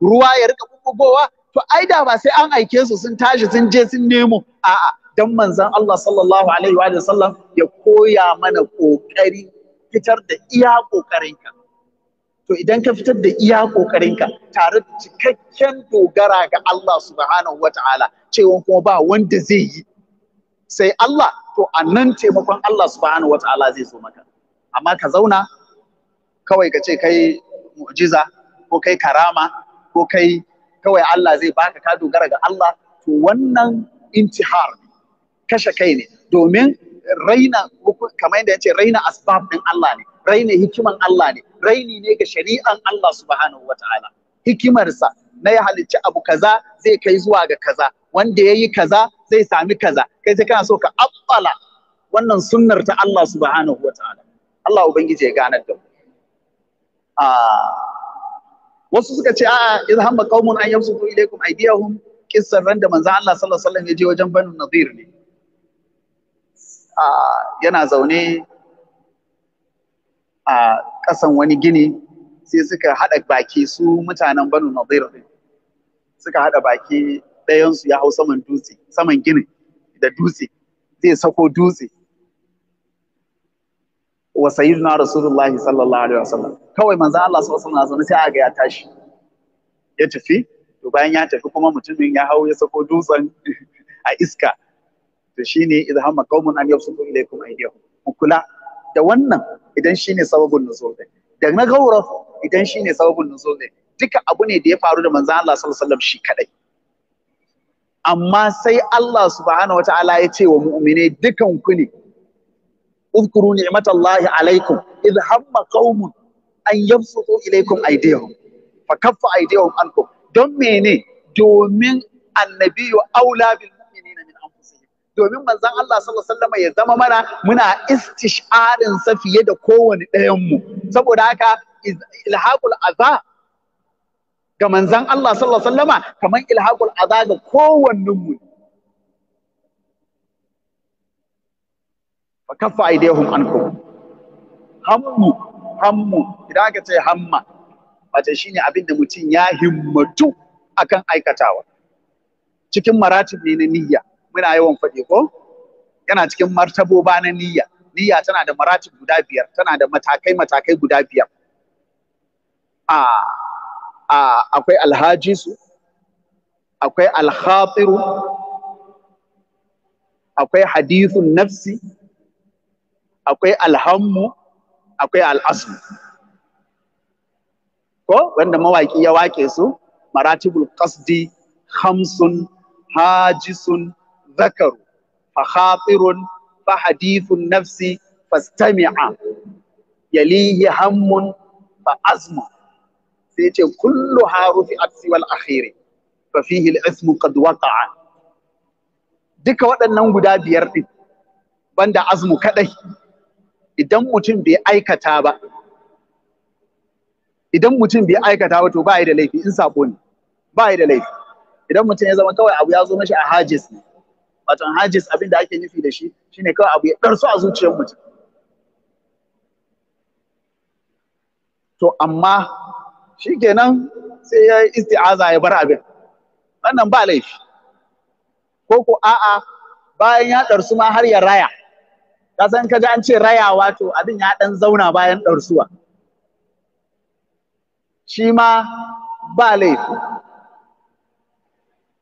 ruwa ya rika bubbugowa to ai da ba sai an aike su sun tashi sun je sun nemo a'a dan manzon Allah sallallahu alaihi wa sallam ya koya mana kokari fitar da iya kokarinka to idan ka fitar da iya kokarinka tare da cikakken dogara ga Allah subhanahu wataala cewa kuma ba wanda zai yi sai Allah to a nan taimakon Allah subhanahu wataala zai zo maka amma ka zauna kawai ka ce kai mu'jiza ko kai karama ko kai kawai Allah zai baka ka dogara ga Allah to wannan intihar kashe kai ne domin raina kamar yadda yace raina asbab din Allah ne raina hikiman Allah ne raini ne ga shari'an Allah subhanahu wataala hikimarsa na ya halicci abu kaza zai kai zuwa ga kaza wanda yayi kaza zai sami kaza kai sai kana so ka abbala wannan sunnar ta Allah subhanahu wataala Allah ubangiji ya ganar da mu a wasu suka ce a'a idh hamma qaumun an yabsutu ilaykum aydiyahum kissar ran da Allah sallallahu alaihi wasallam ya je wajen Banu Nadir ne a yana zaune a kasan wani gini sai suka hada baki su mutanen Banu Nadir suka hada baki ɗayansu ya hau saman dutse saman gini da dutse zai sako dutse wa sayyidina rasulullahi sallallahu alaihi wasallam kawai manzo Allah sallallahu alaihi wasallam sai aga ya tashi ya tafi to bayan ya tafi kuma mutumin ya hau ya sako dutsen (laughs) a iska to shine idza hamma qaumun an yabsutu ilaykum aydiyahum mu kula da wannan idan shine sababun nuzul din da na gauraf idan shine sababun nuzul din duka abu ne da ya faru da manzo Allah sallallahu alaihi wasallam shi kadai amma sai Allah subhanahu wataala ya ce wa mu'mine dukan ku ne اذكروا نعمة الله عليكم إذ هم قوم أن يبسطوا إليكم أيديهم فكف أيديهم عنكم don mene domin annabiyu aula bil mu'minina min anfusihim domin manzon Allah sallallahu alaihi ya zama mana muna istisharin sa fiye da kowane ɗayan mu saboda haka ilhaqul aza ga manzon Allah sallallahu alaihi wasallama kaman aza ga kowannen mu kafa kaffa ankum hammu hammu idan aka ce hamma wato shine abin da mutum ya himmatu akan aikatawa cikin maratib ne na niyya muna yawan faɗi ko yana cikin martaboba na niyya niyya tana da maratib guda biyar tana da matakai matakai guda biyar a a akwai alhajisu akwai alhatiru akwai hadithun nafsi akwai alhammu akwai al'asmu ko wanda mawaƙi ya waƙe su maratibul qasdi hamsun hajisun zakaru fa khatirun fa hadithun nafsi fastami'a yalihi hammun fa azmu sai ce kullu harufi atsi wal akhiri fa fihi al-ismu qad waqa'a duka waɗannan guda biyar din banda azmu kadai idan mutum bai aikata ba idan mutum bai aikata ba to ba yi da laifi in sako ne ba yi da laifi idan mutum ya zama kawai abu ya zo mashi a hajis ne wato hajis abin da ake nufi da shi shine kawai abu ya ɗarsu a zuciyar mutum to amma shikenan sai ya yi isti'aza ya bar abin wannan ba laifi ko ko a'a bayan ya ɗarsu ma har ya raya ka san kaji an ce rayawa to abin ya dan zauna bayan ɗarsuwa shi ma ba laifi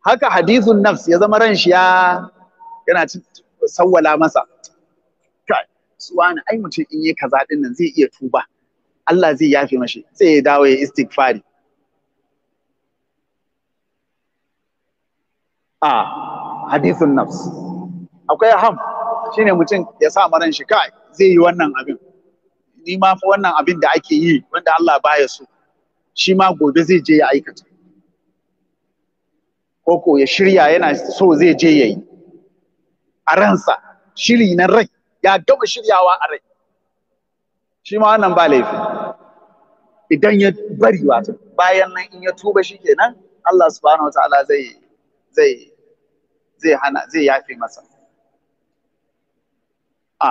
haka hadithun nafs ya zama ran shi ya yana sawwala masa ne ai mutum in yi kaza din nan zai iya tuba Allah zai yafe mashi sai ya dawo ya istighfari a ah, hadithun nafs akwai ham shine mutum ya sa maran shi kai zai yi wannan abin ni ma fa wannan abin da ake yi wanda Allah baya so shi ma gobe zai je ya aikata ko ko ya shirya yana so zai je ya yi a ransa shiri na rai ya gama shiryawa a rai shi ma wannan ba laifi idan ya bari wato bayan nan in ya tuba shi kenan Allah subhanahu wa ta'ala zai zai zai hana zai yafe masa a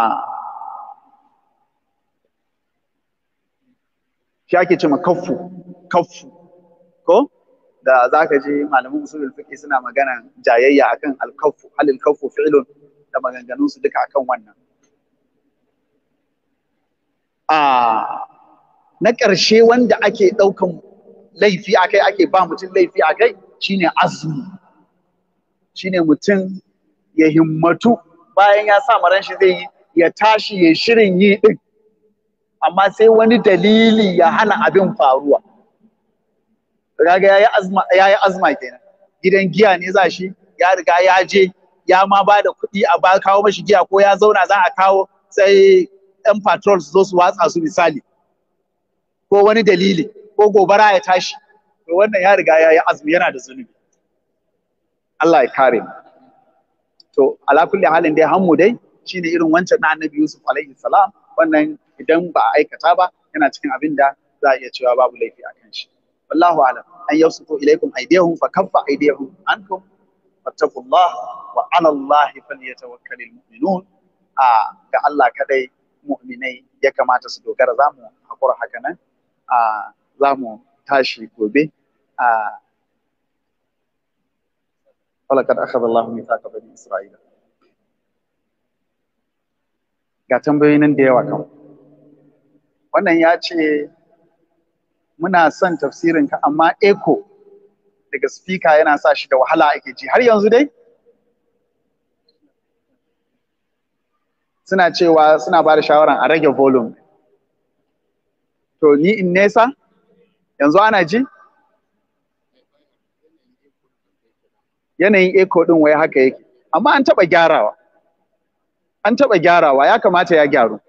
shi ake ce ma kaffu kaffu ko da za ka je malamin usulul fiqh suna magana jayayya akan al-kaffu hal al fi'lun da maganganun su duka akan wannan a na ƙarshe wanda ake ɗaukan laifi akai ake ba mutum laifi akai shine azumi shine mutum ya himmatu bayan ya sa maran shi zai yi ya tashi ya shirin yi ɗin, amma sai wani dalili ya hana abin faruwa kaga ya azma yi azma kenan gidan giya ne za shi ya riga ya je ya ma ba da kuɗi a ba kawo mashi giya ko ya zauna za a kawo sai ɗan patrol su zo su watsa su misali ko wani dalili ko gobara ya tashi to wannan ya riga ya yi azumi yana da zunubi Allah ya kare mu to ala kulli halin dai hammu dai shine irin wancan na annabi yusuf alaihi salam wannan idan ba a aikata ba yana cikin abin da za a iya cewa babu laifi a kan shi wallahu alam an yasutu ilaikum aydihum fa kaffa aydihum ankum fattaqullah wa ala allah falyatawakkal almu'minun a ga Allah kadai mu'minai ya kamata su dogara za mu hakura haka nan a za mu tashi gobe a falakad akhadha allah mithaqa bani isra'ila ga tambayoyi nan da yawa kan wannan ya ce muna son tafsirin ka, amma echo daga speaker yana sa shi da wahala ake ji har yanzu dai suna cewa suna bada da shawaran a rage volume to ni in nesa yanzu ana ji yanayin echo din wai haka yake amma an taɓa gyarawa an taɓa gyarawa ya kamata ya gyaru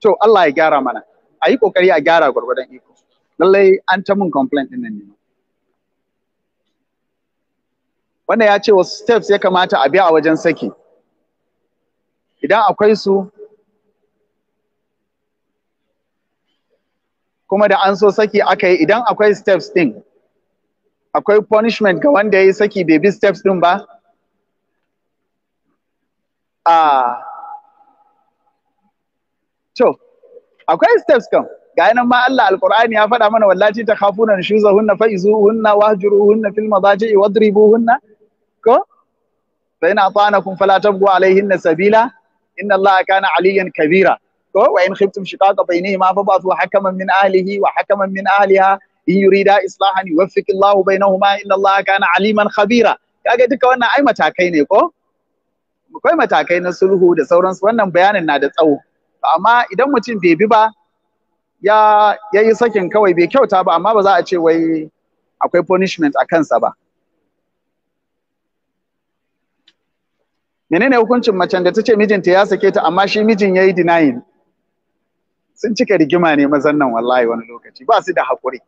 to Allah ya gyara mana a yi ƙoƙari a gyara gwargwadon iko lallai an ta mun complain ɗin nan ne wanda ya ce wasu steps ya kamata a biya a wajen saki idan akwai su kuma da an so saki aka yi idan akwai steps ɗin akwai punishment ga wanda ya yi saki bai bi steps ɗin ba a to akwai steps kam ga nan ma Allah alqur'ani ya faɗa mana wallahi ta khafuna nushuzahunna fa'izuhunna wahjuruhunna fil madaji'i wadribuhunna ko fa in kun fala tabgu alaihinna sabila inna Allah kana aliyan kabira ko wa in khiftum shiqaqa fa ba'thu hakaman min ahlihi wa hakaman min ahliha in yurida islahan yuwaffiq Allah bainahuma inna Allah kana aliman khabira kaga duka wannan ai matakai ne ko akwai matakai na sulhu da sauransu wannan bayanin na da tsawo amma idan mutum bai bi ba ya ya yi sakin kawai bai kyauta ba amma ba za a ce wai akwai punishment a kansa ba menene hukuncin macen da ta ce mijinta ya sake ta amma shi mijin ya yi denying sun cika rigima ne mazan nan wallahi wani lokaci ba su da haƙuri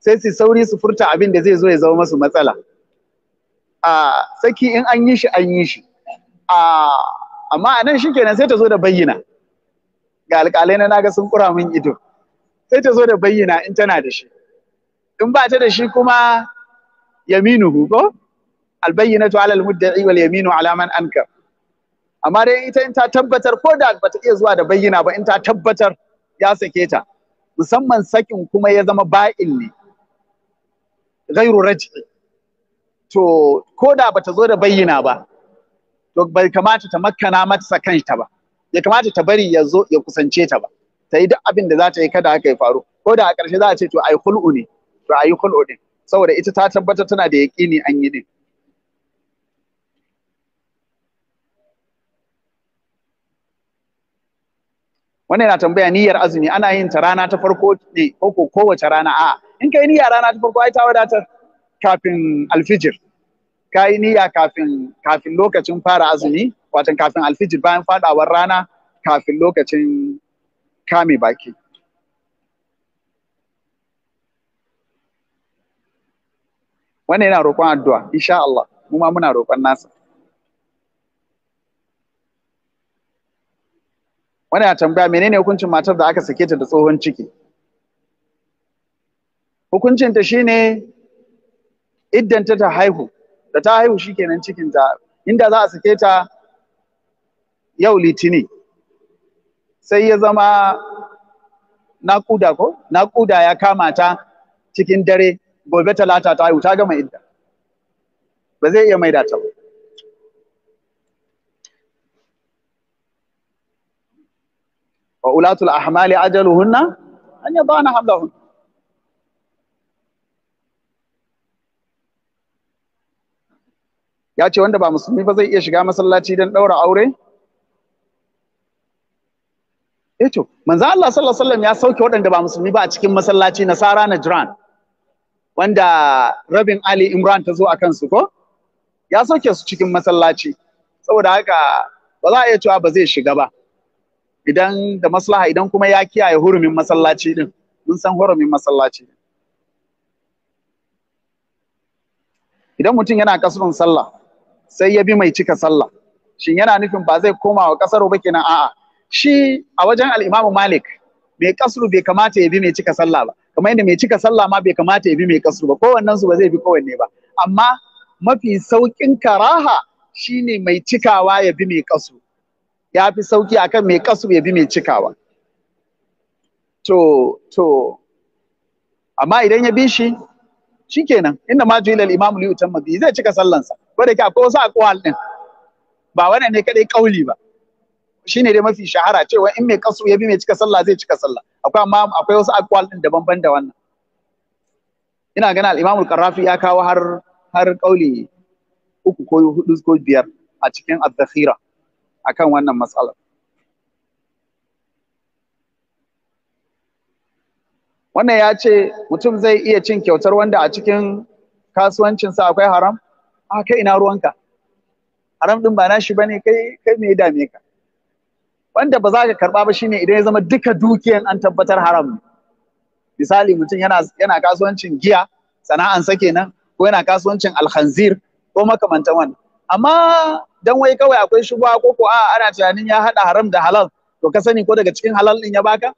sai su sauri su furta abin da zai zo ya zama masu matsala a ah, saki in an yi shi an yi shi a amma a nan shikenan sai ta zo da bayyana ga alƙalai na naga sun kura min ido sai ta zo da bayyana in tana da shi in ba ta da shi kuma yaminuhu ko albayyinatu alal mudda'i wal yaminu ala man anka amma dai ita in ta tabbatar ko da ba ta iya zuwa da bayyana ba in ta tabbatar ya sake ta musamman sakin kuma ya zama ba'in ne ghairu raj'i to ko da bata zo da bayyana ba to bai kamata ta makana mata kanta ba ya kamata ta bari ya zo ya kusance ta ba ta yi duk abin da za ta yi kada haka ya faru ko da a ƙarshe za a ce to ai hul'u ne to ne saboda ita ta tabbatar tana da yaƙini an yi din wannan yana tambaya niyyar azumi ana yin ta rana ta farko ne ko kowace rana a'a in kai niyyar rana ta farko ai ta wadatar kafin alfijir ka yi niyya kafin kafin lokacin fara azumi wato kafin alfijir bayan fadawar rana kafin lokacin kame baki wannan yana roƙon addu'a insha Allah mu ma muna roƙon nasa wani ya tambaya menene hukuncin matar da aka sake ta da tsohon ciki hukuncinta shine iddanta ta haihu da ta haihu shikenan cikin ta inda za a sake ta yau litini sai ya zama naƙuda ko naƙuda ya kama ta cikin dare gobe talata ta haihu ta gama idda ba zai iya maida ta ba wa ulatul ahmali ajaluhunna an yadana hamlahunna ya ce wanda ba musulmi ba zai iya shiga masallaci don ɗaura aure eh to manzo Allah sallallahu alaihi wasallam ya sauke waɗanda ba musulmi ba a cikin masallaci na Sara na jiran wanda rabin Ali Imran ta zo a kansu ko ya sauke su cikin masallaci saboda haka ba za a iya cewa ba zai shiga ba idan da maslaha idan kuma ya kiyaye hurumin masallaci din mun san hurumin masallaci idan mutum yana kasurin sallah sai ya bi mai cika sallah shin yana nufin ba zai koma wa kasar ba kenan a'a shi a wajen al-Imam Malik mai kasru bai kamata ya bi mai cika sallah ba kamar yadda mai cika sallah ma bai kamata ya bi mai kasru ba kowannen su ba zai bi kowanne ba amma mafi saukin karaha shine mai cikawa ya bi mai kasru ya fi sauki akan mai kasru ya bi mai cikawa to to amma idan ya bi shi shikenan inda ma ju'ila imam imamu li yutamma zai cika sallansa ba da ko akwai wasu aqwal din ba wannan ne kadai kauli ba shine dai mafi shahara cewa in mai kasu ya bi mai cika sallah zai cika sallah akwai amma akwai wasu aqwal din daban-daban da wannan ina ganin al-Imam al-Qarrafi ya kawo har har kauli uku ko hudu ko biyar a cikin az-zakhira akan wannan matsalar wannan ya ce mutum zai iya cin kyautar wanda a cikin kasuwancinsa akwai haram a ah, kai ina ruwanka haram din ba nashi bane kai kai me dame ka wanda ba za ka karba ba shine idan ya zama duka dukiyan an tabbatar haram misali mutum yana yana kasuwancin giya sake kenan ko yana kasuwancin alkhanzir ko makamantan wannan amma dan wai kawai akwai shubha ko ko a ah, ana tunanin ya hada haram da halal to ka sani ko daga cikin halal din ya baka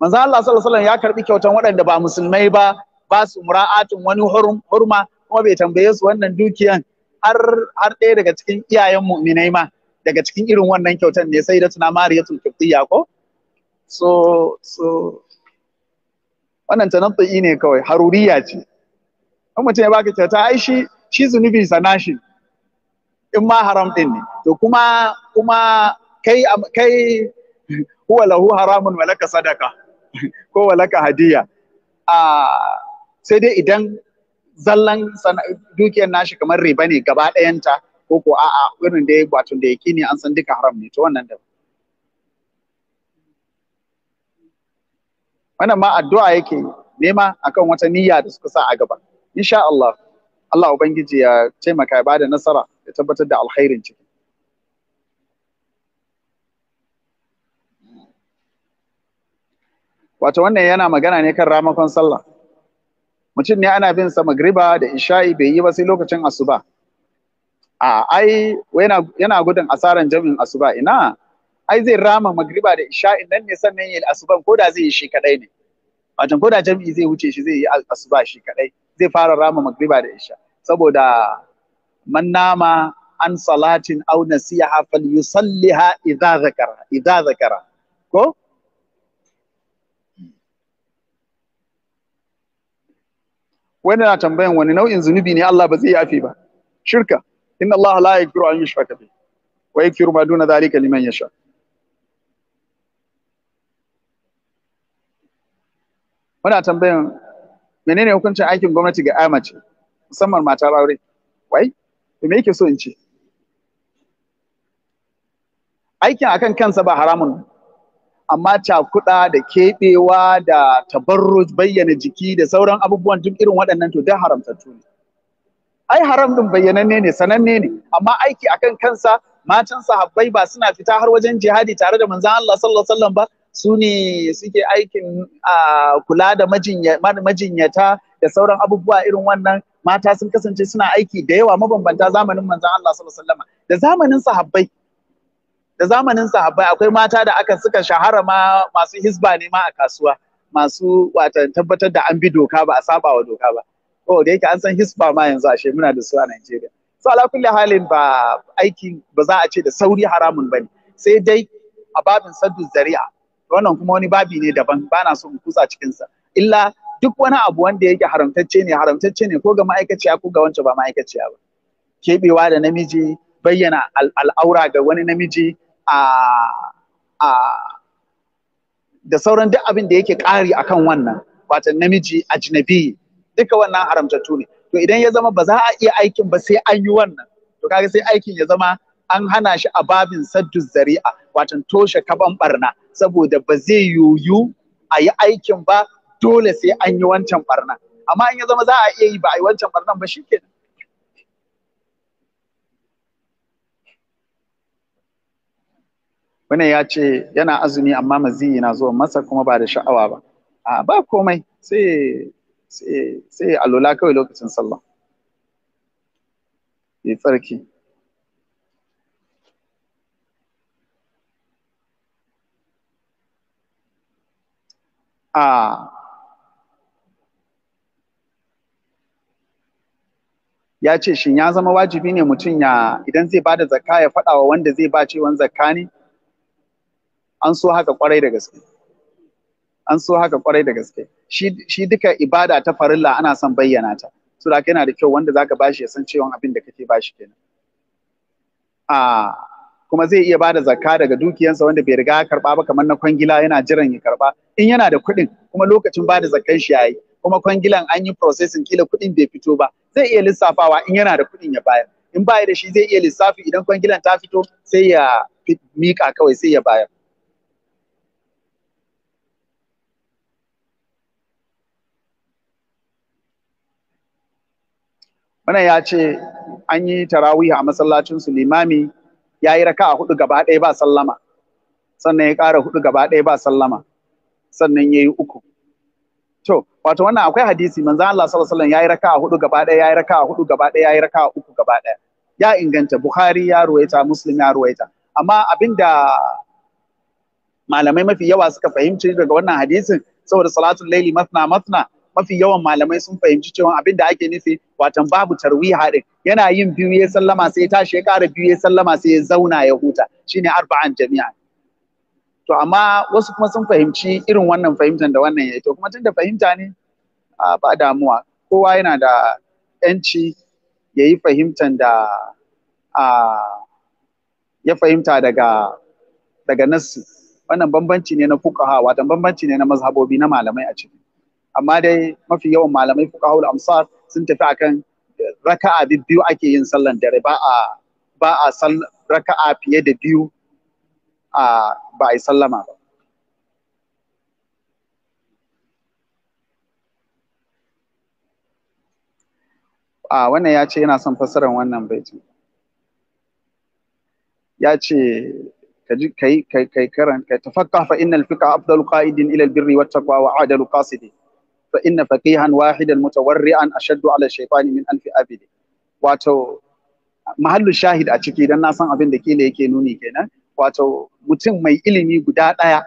manzo Allah sallallahu alaihi wasallam ya karbi kyautan waɗanda ba musulmai ba ba su mura'atun wani hurma kuma bai tambaye su wannan dukiyan har har ɗaya daga cikin iyayen mu'minai ma daga cikin irin wannan kyautan ne sai da tuna mariyatul qibtiyya ko so so wannan ne kawai haruriya ce in mutum ya baka kyauta ai shi shi zunubi sanashi in ma haram din ne to kuma kuma kai kai (laughs) huwa lahu haramun walaka sadaka (laughs) ko walaka hadiya a ah, sai dai idan zallan dukiyar nashi kamar riba ne gaba ɗayanta ko ko a'a irin da ya da ya kini an san duka haram ne to wannan da wannan ma addu'a yake nema akan wata niyya da suka sa a gaba insha Allah Allah ubangiji ya taimaka ya bada nasara ya tabbatar da alkhairin ciki wato wannan yana magana ne kan ramakon sallah mutum ne ana bin sa magriba da isha'i bai yi ba sai lokacin asuba a ai yana gudun asaran jam'in asuba ina ai zai rama magriba da isha'i nan ne sannan yi asuban ko da zai yi shi kadai ne wato ko da jami'i zai wuce shi zai yi asuba shi kadai zai fara rama magriba da isha saboda man nama an salatin au nasiha falyusalliha idza zakara idza zakara ko wani na tambayan wani nau'in zunubi ne Allah ba zai yafe ba shirka inna Allah la yaghfiru an yushraka bihi wa yaghfiru ma duna zalika liman yasha muna tambayan menene hukuncin aikin gwamnati ga amace musamman mata aure wai to me yake so in ce aikin akan kansa ba haramun amma cakuɗa da keɓewa da tabarruj bayyana jiki da sauran abubuwan duk irin waɗannan to dai haramtattu ne ai haram din bayyananne ne sananne ne amma aiki akan kansa matan sahabbai ba suna fita har wajen jihadi tare da manzon Allah sallallahu alaihi wasallam ba su ne suke aikin kula da majinyata da sauran abubuwa irin wannan mata sun kasance suna aiki da yawa mabambanta zamanin manzon Allah sallallahu alaihi wasallam da zamanin sahabbai da zamanin sahabbai akwai mata da aka suka shahara ma masu hisba ne ma a kasuwa masu watan tabbatar da an bi doka ba a saba wa doka ba to da yake an san hisba ma yanzu ashe muna da su a Najeriya so ala kulli halin ba aiki ba za a ce da sauri haramun bane sai dai a babin saddu zari'a wannan kuma wani babi ne daban bana so in kusa cikin sa illa duk wani abu wanda yake haramtacce ne haramtacce ne ko ga ma'aikaciya ko ga wancan ba ma'aikaciya ba Keɓewa da namiji bayyana al'aura ga wani namiji a a da sauran duk abin da yake ƙari akan wannan wato namiji ajnabi duka wannan haramtattu ne to idan ya zama ba za a iya aikin ba sai an yi wannan to kaga sai aikin ya zama an hana shi a babin saddu zari'a wato toshe kaban barna saboda ba zai yoyu a yi aikin ba dole sai an yi wancan barna amma in ya zama za a iya yi ba a yi wancan barnan ba shikenan wannan ya ce yana azumi amma maziyi na zuwa masa kuma ba da sha'awa ba a ba komai sai sai kawai lokacin sallah ya tsarki a ya ce shin ya zama wajibi ne mutum ya idan zai bada zakka ya faɗa wa wanda zai ba ciwon zakka ne an so haka kwarai da gaske an so haka kwarai da gaske shi duka ibada ta farilla ana son bayyana ta so da yana da kyau wanda zaka bashi ya san cewa abin da kake bashi kenan a kuma zai iya bada zakka daga dukiyansa wanda bai riga karba ba kamar na kwangila yana jiran ya karba in yana da kuɗin kuma lokacin bada zakkan shi yayi kuma kwangilan an yi processing kila kuɗin bai fito ba zai iya lissafawa in yana da kuɗin ya bayar in baya da shi zai iya lissafi idan kwangilan ta fito sai ya mika kawai sai ya bayar wannan ya ce an yi tarawih a masallacin su limami ya yi raka a hudu gaba ɗaya ba sallama sannan ya ƙara hudu gaba ɗaya ba sallama sannan ya yi uku to wato wannan akwai hadisi manzo Allah sallallahu alaihi wasallam ya yi raka a hudu gaba ɗaya ya yi raka a hudu gaba ɗaya ya yi raka a uku gaba ɗaya ya inganta Bukhari ya ruwaita Muslim ya ruwaita amma abinda malamai mafi yawa suka fahimci daga wannan hadisin saboda salatul laili masna masna mafi yawan malamai sun fahimci cewa abin da ake nufi watan babu tarwiha din yana yin biyu ya sallama sai ya tashi ya ƙara biyu ya sallama sai ya zauna ya huta shine arba'an jami'a to amma wasu kuma sun fahimci irin wannan fahimtar da wannan yayi to kuma tunda fahimta ne ba damuwa kowa yana da yanci ya yi fahimtar da ya fahimta daga daga nassi wannan bambanci ne na fuqaha watan bambanci ne na mazhabobi na malamai a ciki amma dai mafi yawan malamai fuqahul amsar sun tafi akan raka'a biyu ake yin sallan dare ba a ba a sal raka'a fiye da biyu a ba a yi sallama ba a wannan ya ce yana son fassarar wannan baiti ya ce kai kai karan ka tafakka fa innal fiqa afdalu qa'idin ila albirri wattaqwa wa adalu qasidin fa inna faqihan wahidan mutawarri'an ashaddu ala shaytani min alfi abidi wato mahallu shahid a ciki dan na san abin da kila yake nuni kenan wato mutum mai ilimi guda ɗaya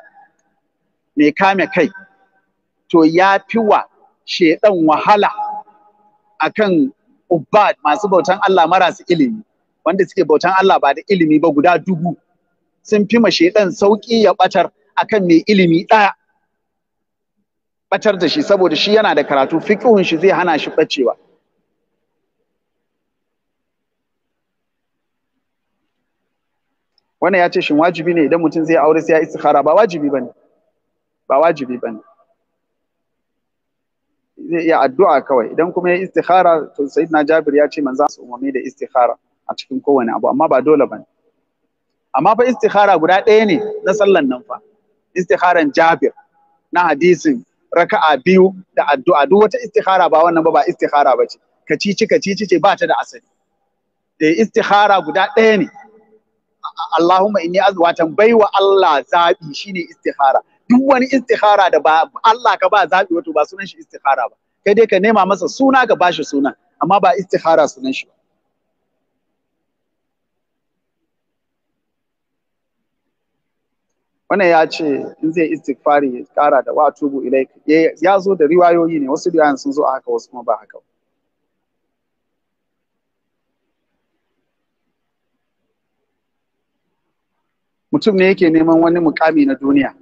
mai kame kai to ya fi wa shedan wahala akan ubbad masu bautan Allah marasu ilimi wanda suke bautan Allah ba da ilimi ba guda dubu sun fi ma shedan sauki ya batar akan mai ilimi ɗaya bacar da shi saboda shi yana da karatu fiqhun shi zai hana shi bacewa wannan ya ce shin wajibi ne idan mutum zai aure sai ya istikhara ba wajibi bane ba wajibi bane zai iya addu'a kawai idan kuma ya istikhara to sayyidina Jabir ya ce manzo su umarni da istikhara a cikin kowane abu amma ba dole bane amma fa istikhara guda ɗaya ne na sallan nan fa istikharan Jabir na hadisin raka'a biyu da addu'a duk wata istikhara ba wannan ba ba istikhara ba kacici kacici ce ba ta da asali da eh, istikhara guda ɗaya ne Allahumma inni watan baiwa Allah zabi shine istikhara duk wani istikhara da ba Allah ka ba zabi wato ba sunan shi istikhara ba kai dai ka nema masa suna ka bashi suna amma ba istikhara sunan shi ba wannan ya ce in zai istighfari ya kara da wa tubu Ilai ya zo da riwayoyi ne wasu riwayoyin sun zo a haka wasu kuma ba haka mutum ne yake neman wani mukami na duniya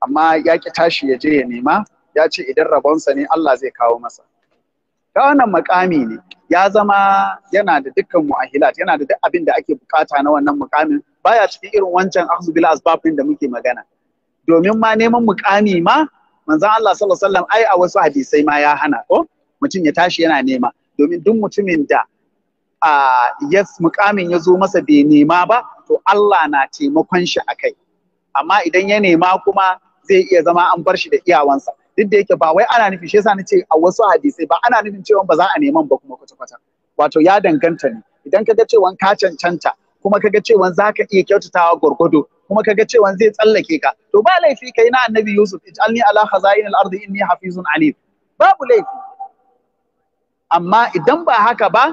amma ya ki tashi ya je ya nema ya ce idan rabonsa ne Allah zai kawo masa ga wannan makami ne ya zama yana da dukkan mu'ahilat yana da duk abin da ake bukata na wannan mukamin baya cikin irin wancan ahzu bil asbab din da muke magana domin ma neman mukami ma manzon Allah sallallahu alaihi wasallam ai a wasu hadisai ma ya hana ko mutum ya tashi yana nema domin duk mutumin da a yes mukamin ya zo masa bai nema ba to Allah na taimakon shi akai amma idan ya nema kuma zai iya zama an bar shi da iyawansa duk da yake ba wai ana nufi shi yasa nace a wasu hadisai ba ana nufin cewa ba za a neman ba kuma kwata kwata wato ya danganta ne idan kaga cewa ka cancanta kuma kaga cewa za ka iya kyautatawa gwargwado kuma kaga cewa zai tsallake ka to ba laifi kai na annabi yusuf ij'alni ala khaza'in al-ardi inni hafizun alim babu laifi amma idan ba haka ba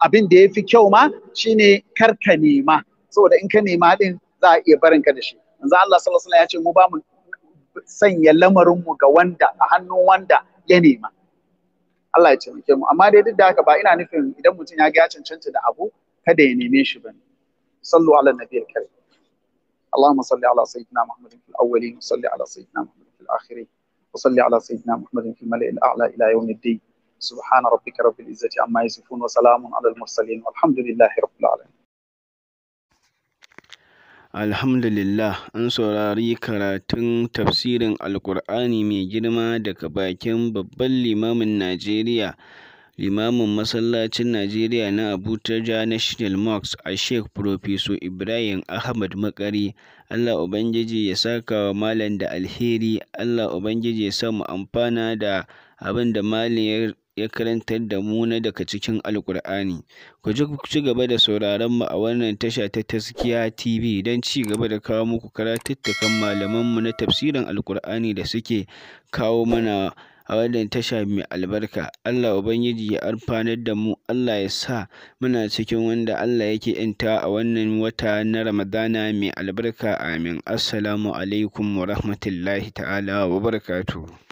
abin da ya fi kyau ma shine kar ka nema saboda in ka nema din za a iya barin da shi manzo Allah sallallahu alaihi wasallam ya ce mu ba mu sanya lamarinmu ga wanda a hannun wanda ya nema. Allah ya taimake mu. Amma dai duk da haka ba ina nufin idan mutum ya ga cancanta da abu kada ya neme shi ba. Sallu ala nabi kare. Allahumma salli ala sayyidina Muhammad fil awwalin wa salli ala sayyidina Muhammad fil akhirin wa salli ala sayyidina Muhammad fil mala'il a'la ila yawmiddin. Subhana rabbika rabbil amma yasifun wa salamun ala al mursalin walhamdulillahi rabbil Alhamdulillah, an saurari karatun tafsirin alkur'ani mai girma daga bakin babban limamin Najeriya, limamin masallacin Najeriya na Abuja National Mosque, a Sheikh Profeso Ibrahim Ahmad Makari. Allah Ubangiji ya saka wa Malam da alheri, Allah Ubangiji ya sa mu amfana da abin da Malam ya karantar da mu na daga cikin alkur'ani Ku ci gaba da sauraron mu a wannan tasha ta Taskiya TV don ci gaba da kawo muku karatuttukan malaman mu na tafsirin alkur'ani da suke kawo mana a wannan tasha mai albarka. Allah Ubangiji ya alfanar da mu, Allah ya sa muna cikin wanda Allah yake ‘yanta a wannan wata na Ramadana mai albarka. Amin. Assalamu alaikum wa rahmatullahi ta'ala wa barakatuhu.